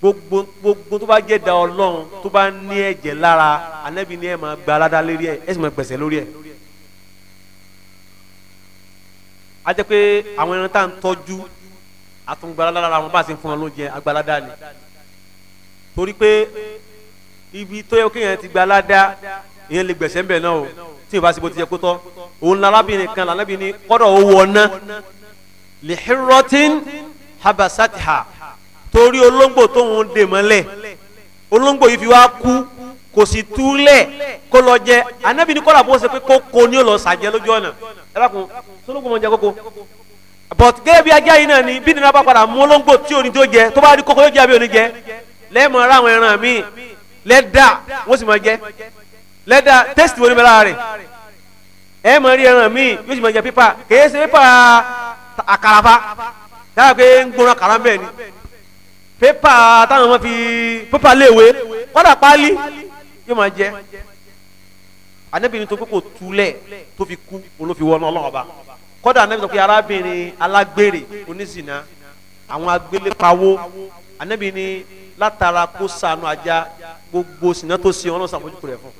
gbogbo gbogbo tó bá jẹ́ da ọlọ́run tó bá ní ẹ̀jẹ̀ lára anabi ní ẹ̀ máa gba aládá lórí ẹ̀ ẹ̀ sì máa gbẹ̀sẹ̀ lórí ẹ̀. a jẹ́ pé àwọn ẹran tá à ń tọ́jú àtúngbàládá lára wọn bá a ṣe fún wọn lóúnjẹ agbáládá ni torí pé ibi tó yẹ kéèyàn ti gbàládá ìyẹn lè gbẹ̀sẹ̀ ń bẹ̀ náà o tí ìbá síbo ti jẹ kó tọ́ òun lalábìnrin kan lalábìnrin kọ́dọ̀ ó wọ ná lè hírọ́tín habasatiha torí olóńgbò tóun dè mọ́lẹ̀ olóńgbò yìí fi wá kú kò sì túlẹ̀ kó lọ jẹ anabi ní kọ́lá bó ṣe pé kókó ni ó lọ sàjẹ́ lójú ọ̀nà ẹ bá kun sólógbò mọ̀ jẹ kókó but gẹ́gẹ́ bí ajá yìí náà ni bí nínú abápadà mú olóńgbò tí òní tó jẹ tó bá rí kókó yóò jẹ àbí òní jẹ lẹ́ẹ̀mọ ara àwọn ẹran míì lẹ́dà wọ́n sì máa jẹ lẹ́dà tẹ́sítì wo ni bẹ́ẹ̀ rẹ̀ ẹ mọ̀ rí ẹran míì yóò sì máa jẹ pípa kèé ṣe àkàràfà dáhà pé ń gbóná kàrà bẹ́ẹ̀ ni pépà táwọn ọmọ fi pépà léèwé kọ́dà pálí yóò máa jẹ anabi ni tó pé kò túlẹ̀ tó fi kú olófin wọnú ọlọ́ọ̀ba kọ́dà anabi sọ pé arábìnrin alágbèrè oníṣìnà àwọn agbélépawó anabi ni látara kó sànú ajá gbogbo ṣìnà tó ṣe ọlọ́sàn àmójútó rẹ̀ fún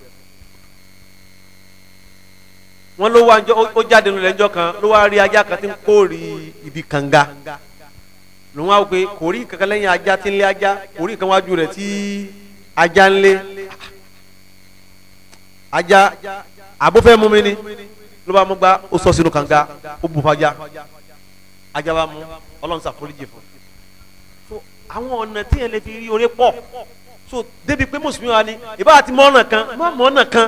wọn ló wá ó jáde nílẹ̀ ńjọ́ kan ló wá rí ajá kan tí ń kórìí ibi kànga lòun á wò pé kò rí kankan lẹ́yìn ajá tí ń lé ajá kò rí kan wájú rẹ̀ tí ajá ń lé ajá àbúfẹ́ mú mi ni ló bá mú gba ó sọ sínú kànga ó bu fàjà ajá bá mú ọlọ́run ṣàforíjì fún so àwọn ọ̀nà tí yẹn lè fi rí oore pọ̀ so débi pé mùsùlùmí wa ni ìbá àti mọ́ ọ̀nà kan mọ́ ọ̀nà kan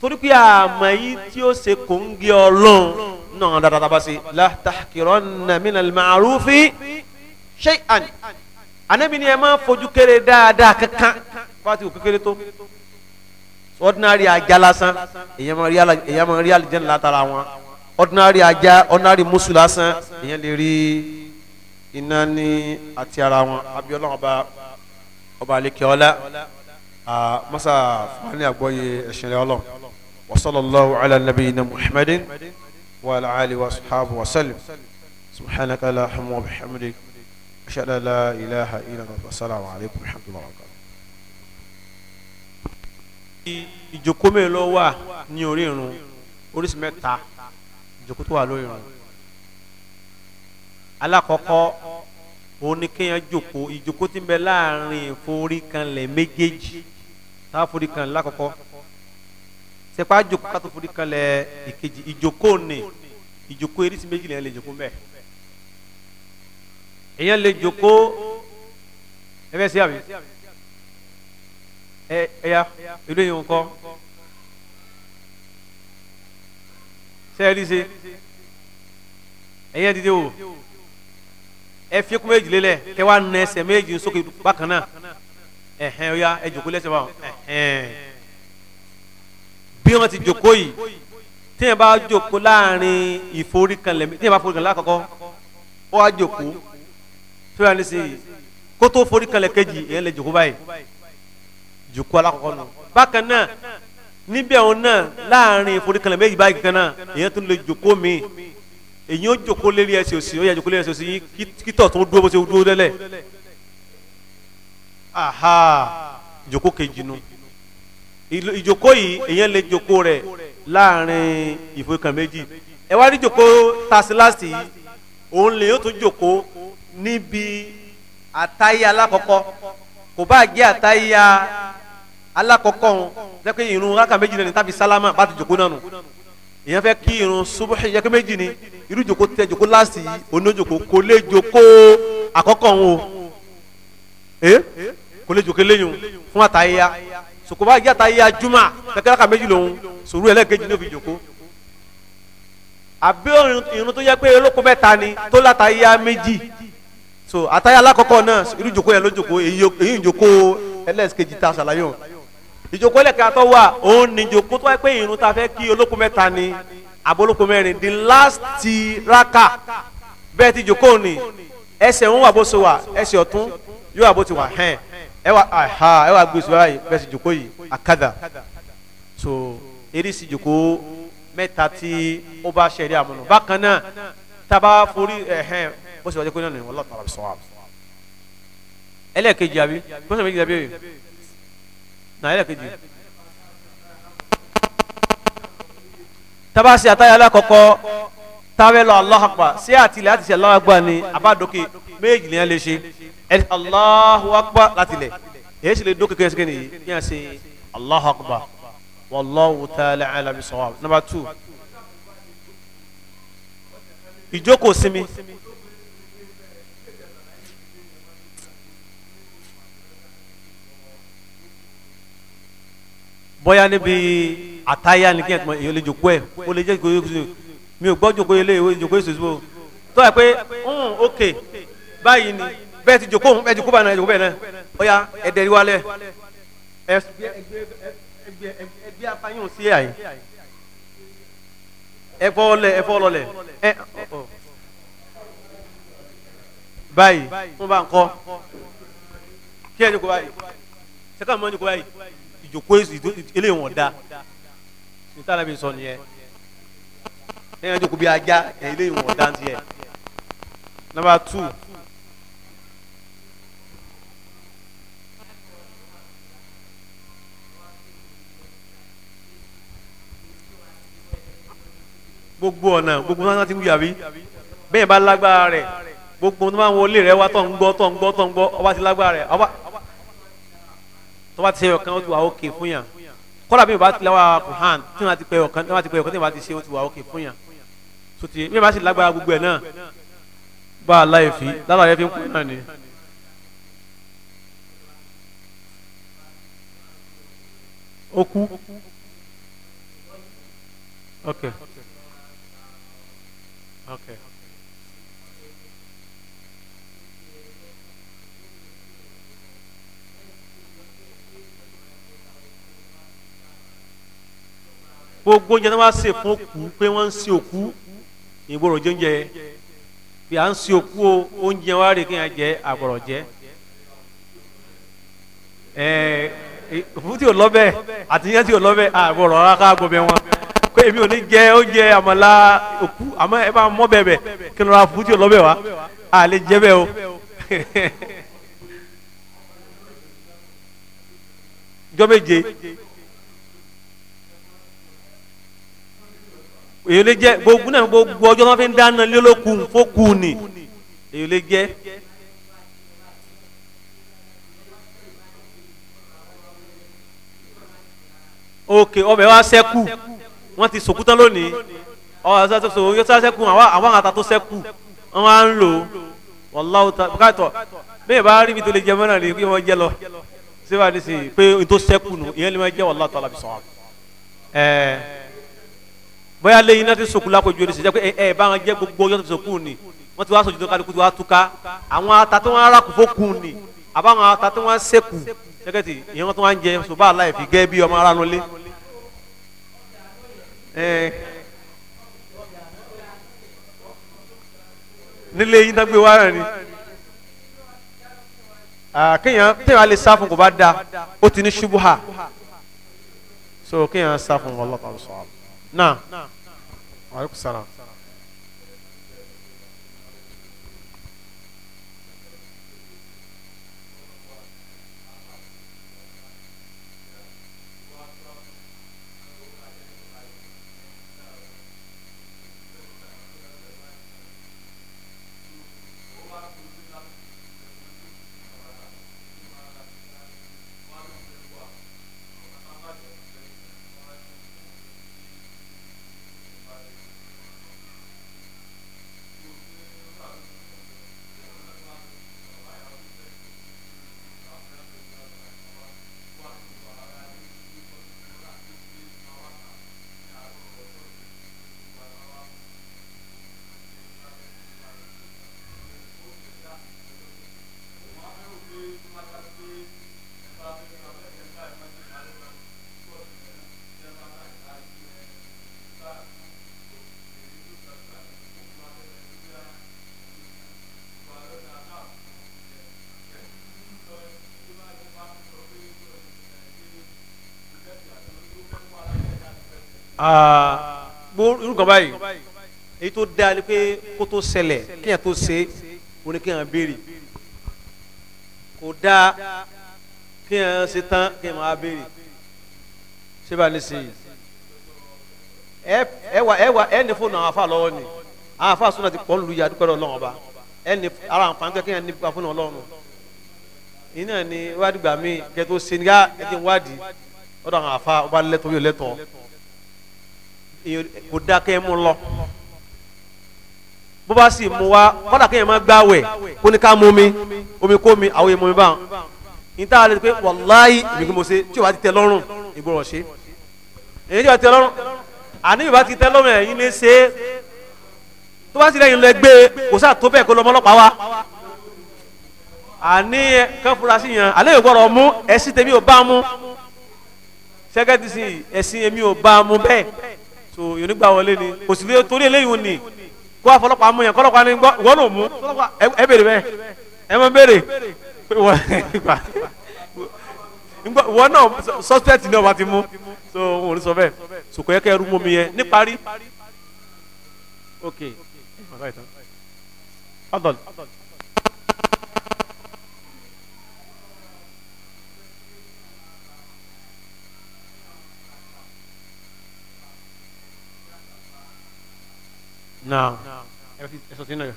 torí pé àmọ́ yìí tí ó ṣe kò ń gé ọlọ́run náà dáadáa bá ṣe la tahqiranna min al-ma'rufi shay'an anabi ni ẹ máa fojú kéré dáadáa kankan fati òkú kéré tó ordinary ajá lásán èèyàn máa rí àlìjẹ́ni látara wọn ordinary ajá ordinary musu lásán èèyàn lè rí iná ní àti ara wọn abiola ọba ọba alekiola masa fani agbóye ẹ̀sìn rẹ̀ وصلى الله على نبينا محمد وعلى آله وأصحابه وسلم سبحانك اللهم وبحمدك أشهد أن لا إله إلا أنت السلام عليكم ورحمة الله وبركاته ìjókòó mélòó wà ní orí irun oríṣi mẹ́ta ìjókòó tó wà lórí irun alákọ̀ọ́kọ́ òun ni kéèyàn jókòó ìjókòó tí bẹ láàrin ìforíkanlẹ̀ méjèèjì táforíkanlẹ̀ lákọ̀ọ́kọ́ sẹpá jòkó kátó forí kalẹ̀ ìkejì ìjòkó ni ìjòkó erisi méjì lèyàn lè joko mbẹ èyàn lè joko, ẹfẹ sí àbí ẹ ẹyà ìlú yìí ń kọ sẹ ẹ rí se ẹyàn dídé o ẹ fi kún méjì lélẹ̀ kẹ wàá nà ẹsẹ̀ méjì sókè bákan ẹhẹn ó ẹ jòkó lẹ́sẹ̀ báwọn ẹhẹn bí wọ́n ti jòkó yìí téèyàn bá jòkó láàrin ìforíkanlẹ̀ téèyàn bá foríkanlẹ̀ lákọ̀ọ́kọ́ ó wá jòkó tó yà ní sèyí kó tó foríkanlẹ̀ kejì èèyàn lè jòkó báyìí jòkó alákọ̀ọ́kọ́ nù bákan náà níbẹ̀ òun náà láàrin ìforíkanlẹ̀ méjì báyìí kan náà èèyàn tún lè jòkó mi èyí ó jòkó lérí ẹsẹ̀ òsì ó yẹ jòkó lérí ẹsẹ̀ òsì yín kítọ̀ tó dúró bó ṣe dúró lẹ́lẹ̀ aha joko kejì nù. No ìjòkó yìí èyàn lè jòkó rẹ̀ láàrin ìfowópamọ́ méjì ẹ wá rí jòkó tasilasi yìí òun lè yóò tún jòkó níbi àtàyà alákọ̀ọ́kọ́ kò bá jẹ́ àtàyà alákọ̀ọ́kọ́ òun jẹ́ pé irun rákà méjì lẹ́ni tàbí sálámà bá ti jòkó náà nù èyàn fẹ́ kí irun subuhi yẹ kí méjì ni irú joko tẹ joko láàsì yìí oníjòkó kò lè jòkó àkọ́kọ́ òun o kò lè jòkó lẹ́yìn fún àtàyà sokoba jata ya juma kakra ka méjì lòun sòrú ẹlẹ́kejì ní òfin jòkó àbí irun tó yẹ pé olóko mẹ́ta ni tó láta ya méjì so àtàyà alákọ̀ọ́kọ́ náà irú jòkó yẹn ló jòkó èyí jòkó ẹlẹ́kejì ta ṣàlàyé o ìjòkó ẹlẹ́kejì tó wà òun ni jòkó tó yẹ pé irun ta fẹ́ kí olóko mẹ́ta ni abolóko mẹ́rin the last ti raka bẹ́ẹ̀ ti jòkó ni ẹsẹ̀ ń wà bó so wà ẹsẹ̀ ọ̀tún yóò wà bó ti wà hẹ́n ẹ wà aha ẹ wà gbèsè báyìí bẹ́ẹ̀ sì jòkó yìí akada so erisi jòkó mẹ́ta tí ó bá ṣẹ̀rí àmúnú bákan náà taba forí ẹ̀hẹ́n bó ṣe wájú pé náà wọ́n lọ́tọ̀ àbí sọ́wọ́ ẹlẹ́ẹ̀kejì àbí bó ṣe méjì àbí náà ẹlẹ́ẹ̀kejì taba ṣe àtàyà alákọ̀ọ́kọ́ táwẹ́ lọ Allahu Akbar sí àtìlẹ́ àti ṣe Allahu Akbar ni àbádókè méjì nìyẹn lè ṣe ẹ Allahu akbar láti lẹ̀ èyí sì lè dún kékeré sókè nìyí bí wọ́n ṣe Allahu akbar wallahu ta'ala alam sawab number two ìjókòó sinmi. bóyá níbi àtayá ni kí ẹ tún èyí lè jòkó ẹ o lè jẹ jòkó yìí mi ò gbọ́ jòkó yìí lè jòkó yìí sòsìbò tó yẹ pé hmm, ok báyìí ni bẹ́ẹ̀ ti jòkó bẹ́ẹ̀ ti kó báyìí náà jòkó bẹ́ẹ̀ náà ọ̀ya ẹ̀dẹ̀rí wálẹ̀ ẹgbẹ́ apáyún sí àyè ẹ̀fọ́ lẹ̀ ẹ̀fọ́ lọlẹ̀ ẹ̀ báyìí wọ́n bá ń kọ́ kí ẹ̀ jòkó báyìí sẹ́kà mọ́ jòkó báyìí ìjòkó eléyìí wọ̀n da nítorí àbí sọ nìyẹn ẹ̀yàn jòkó bí ajá eléyìí wọ̀n da ń tiẹ̀ number two. gbogbo ọ̀nà gbogbo náà ti wí àbí bẹ́ẹ̀ bá lágbára rẹ̀ gbogbo tó bá ń wọlé rẹ̀ wá tó ń gbọ́ tó ń gbọ́ tó ń gbọ́ ọba ti lágbára rẹ̀ ọba tó bá ti ṣe ọ̀kan ó ti wà ókè fún yàn kọ́lá bí o bá ti láwa kùhán tí wọ́n ti pẹ́ ọ̀kan tí wọ́n ti pẹ́ ọ̀kan tí wọ́n ti ṣe ó ti wà ókè fún yàn sotí bí o bá sì lágbára gbogbo ẹ̀ náà bá a láyè fi lára rẹ̀ fi ń kú náà ni. ó Okay. okay. Okay. gbogbo oúnjẹ tí wọ́n á sè fún òkú pé wọ́n ń sè òkú ìgboro jẹ́ńjẹ bí à ń sè òkú o oúnjẹ wa rè kéèyàn jẹ àgbọ̀rọ̀ jẹ ẹ̀ẹ́ òfútì ò lọ́bẹ̀ àtìyẹ́ntì ò lọ́bẹ̀ àgbọ̀rọ̀ rárá ká gbọ́ bẹ́ wọn ko èmi ò ní jẹ oúnjẹ àmàlà òkú àmọ́ ẹ bá mọ́ bẹ̀bẹ̀ kí n lọ́ra fún tí o lọ́bẹ̀ wa a lè jẹ bẹ́ẹ̀ o. jọ méje èyí lè jẹ gbogbo náà gbogbo ọjọ́ wọn fi ń dáná lé olókùn fókùn ni èyí lè jẹ. ok ọbẹ̀ wa sẹ́kù wọ́n ti sòkú tán lónìí ọ sọ yóò sẹ́kù àwọn àtà tó sẹ́kù wọ́n á ń lò wàláwù tá bùkátọ̀ bẹ́ẹ̀ bá rí mi tó lè jẹ mọ́nà rè kí wọ́n jẹ lọ síbà ní sè pé n tó sẹ́kù nù ìyẹn lè má jẹ́ wàláwù tá làbí sọ̀rọ̀ ẹ̀ẹ́ bóyá lẹ́yìn náà ti sòkú lápòjú ẹni sì jẹ́ pé ẹ̀ bá wọn jẹ́ gbogbo ọjọ́ tó sòkú ni wọ́n ti wá sòjú tó kálukú tó wá túká àwọn ata tó wọn arákù fókù ni àbáwọn ata tó wọn sẹ́kù jẹ́kẹ́tì ìyẹn wọn tó wọn jẹ sòbá Eh. nílé yín tán gbé wá rẹ̀ ni kéèyàn téèyàn lè sá fún kò bá da ó ti ní ṣubuha so kéèyàn sá ọlọ́kan sọ̀rọ̀ náà irú kan báyìí èyí tó dá ni pé kó tó ṣẹlẹ̀ kéèyàn tó ṣe oní kéèyàn béèrè kò dáa kéèyàn ṣe tán kéèyàn máa béèrè ṣé bá ní sí i ẹ wà ẹ wà ẹ ní fóònù àwọn afa lọ́wọ́ ni àwọn afa sọ̀rọ̀ ti pọ̀ lù yà dúpẹ́ lọ́wọ́ ọba ẹ ní ara nǹkan tó kéèyàn ní bípa fóònù ọlọ́run yìí náà ni wádìí gbà mí kẹ́tọ́ ṣe ní ká ẹ ti wádìí ọ̀dọ̀ àwọn afa ọba lẹ́tọ̀ọ́ yóò lẹ́tọ̀ọ́ kò dá kẹ́ mú lọ bó bá sì mú wa kọ́dà kẹ́yìn máa gbáwẹ̀ kó ní ká mú mi omi kó mi àwọn èèmọ̀ mi bá wọn níta lè pe wàláyé ìbí kí tí o bá ti tẹ lọ́rùn ìgbọràn ṣe èyí tí o bá ti tẹ lọ́rùn àní ìbá ti tẹ lọ́rùn ẹ̀yin lè ṣe é tó bá sì lẹ́yìn lọ gbé kò sáà tó bẹ́ẹ̀ kó lọ mọ́ ọlọ́pàá wa àní kan fura sí yan àlẹ́ ìgbọ́rọ̀ mú ẹ̀sìn tèmi ò bá mú ṣẹ́gẹ́tì sí ẹ̀sìn èmi ò bá mú bẹ́ẹ̀ so yonigba wọlé ni kò sí lé torí eléyìí wọn ni kó àfọlọ́pàá mú yẹn kọ́lọ́pàá ni wọ́n lò mú ẹ bèrè bẹ́ẹ̀ ẹ mọ bèrè wọ́n náà suspect náà wà ti mú so wọn ò ní sọ bẹ́ẹ̀ so kò yẹ kẹ́ ẹrú mú mi yẹn níparí ok. okay. okay. okay. okay. No, eso tiene.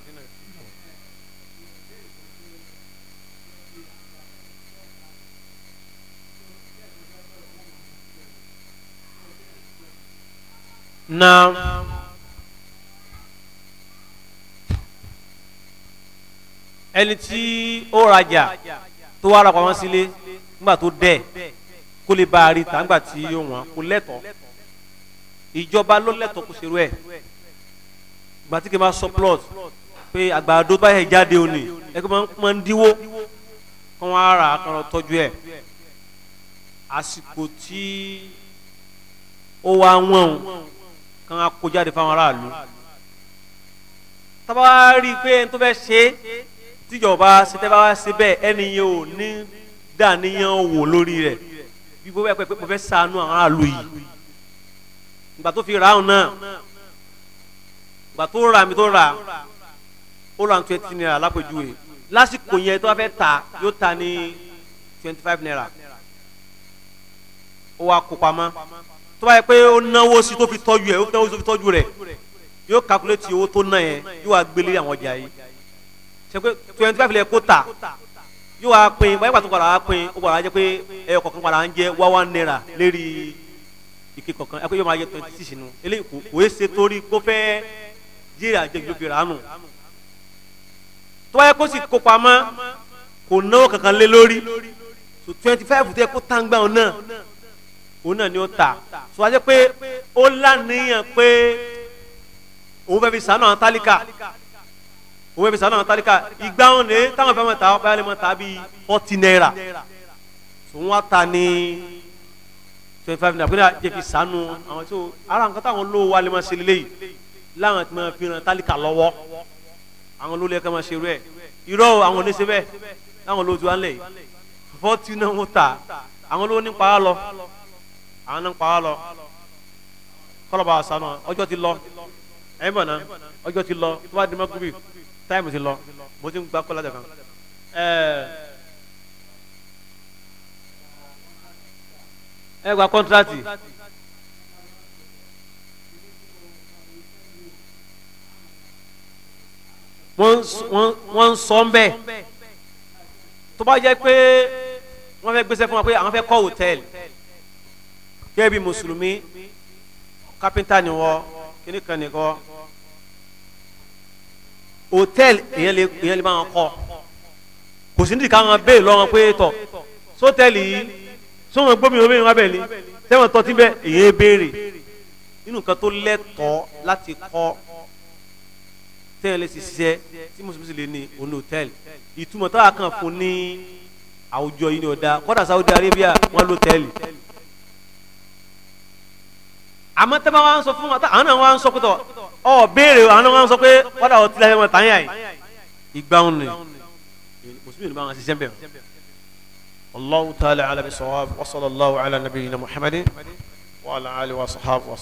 No. ẹni tí ó rajà tó wá ra pamọ́ sílé nígbà tó dẹ̀ kó lè bá a rí ta tí yóò wọ́n kó lẹ́tọ̀ọ́ ìjọba ló lẹ́tọ̀ọ́ kó ṣerú ẹ̀ gbàtí kì í máa sọ plot pé àgbàdo báyẹn jáde òní ẹ kò máa ń dínwó kó wọn ara kan lọ tọ́jú ẹ̀ àsìkò tí ó wá wọ́n kan á kó jáde fáwọn aráàlú tábà wá rí i pé ẹni tó fẹ́ ṣe é tíjọba ṣètẹ́bá wá ṣe bẹ́ẹ̀ ẹni yẹn ò ní dàníyàn wò lórí rẹ̀ bí bó bẹ́ẹ̀ pé mo fẹ́ ṣàánú àwọn aráàlú yìí ìgbà tó fi ràún náà gbà tó ra mi tó ra ó lọ àwọn twenty naira lápèjúwe lásìkò yẹn tó bá fẹ́ ta yóò ta ní twenty five naira ó wá kó pamọ́ tó bá yẹ pé ó náwó sí tó fi tọ́jú ẹ̀ ó náwó sí tó fi tọ́jú rẹ̀ yóò calculate owó tó ná yẹn yóò wá gbélé àwọn ọjà yìí ṣe pé twenty five lẹ kó ta yóò wá pín báyìí pàtó padà wá pín ó padà jẹ pé ẹyọ kọ̀ọ̀kan padà ń jẹ wá naira lérí ike kọ̀ọ̀kan ẹ pé yóò máa jẹ twenty six nù eléyìí kò é ṣe torí kó fẹ́ẹ́ jèrè àjẹjọ fi rà á nù tọ́wáyé kó sì kó pamọ́ kò náwó kankan lé lórí so twenty five tó yẹ kó tàǹgbà òun náà òun náà ni ó ta so wájú pé ó lánìyàn pé òun fẹ́ fi sànù àwọn tálíkà òun fẹ́ fi sànù àwọn tálíkà ìgbà òun lè táwọn fẹ́ mọ̀ ta ọ̀pá yẹn lè mọ̀ ta bíi forty naira so wọ́n ta ní twenty five naira pé ní àjẹfi sànù àwọn tó ara nǹkan táwọn lò wà lè mọ̀ ṣe lélẹ́yìí. láwọn tí wọ́n fi ràn tálíkà lọ́wọ́ àwọn olólù ẹ̀ka máa ṣe rú ẹ̀ àwọn oníṣe bẹ́ẹ̀ láwọn olóòtú wa ń lẹ̀ yìí ta àwọn olówó lọ àwọn lọ ti lọ ẹ̀yìn bọ̀ náà ti lọ tó bá di ti lọ mo ti ń gba kọ́lá jàkan. ẹ gba wọ́n ń sọ ń bẹ̀ tó bá jẹ́ pé wọ́n fẹ́ gbéṣẹ́ fún wa pé àwọn fẹ́ kọ́ hòtẹ́ẹ̀lì kẹ́ bí mùsùlùmí kápẹ́ńtà ni wọ́n kíní kan ni wọ́n hòtẹ́ẹ̀lì èèyàn lè máa kọ́ kò sí nídìí káwọn béè lọ́wọ́ pé tọ̀ sótẹ́ẹ̀lì yìí sọ́wọ́n gbómi omi wọn bẹ̀ ni tẹ́wọ̀n tọ́tí bẹ́ẹ̀ èèyàn béèrè nínú nǹkan tó lẹ́tọ̀ọ́ láti kọ́ tẹ́yìn lè ṣiṣẹ́ tí mùsùlùmí sì lè ní òun ní hòtẹ́ẹ̀lì ìtumọ̀ táwa kan fún ní àwùjọ yìí ni ọ̀dà kọ́dà Saudi Arabia wọ́n ló tẹ́ẹ̀lì. àmọ́ tẹ́lẹ̀ wá ń sọ fún wa àwọn náà wá ń sọ pẹ́tọ̀ ọ béèrè àwọn náà wá ń sọ pé kọ́dà ọtí lẹ́yìn wọn tàn yìí. ìgbà wọn ni mùsùlùmí ni bá wọn ṣiṣẹ́ bẹ̀rẹ̀. Allahu ta'ala ala bi wa sallallahu ala nabiyyina Muhammadin wa ala alihi wa sahbihi wa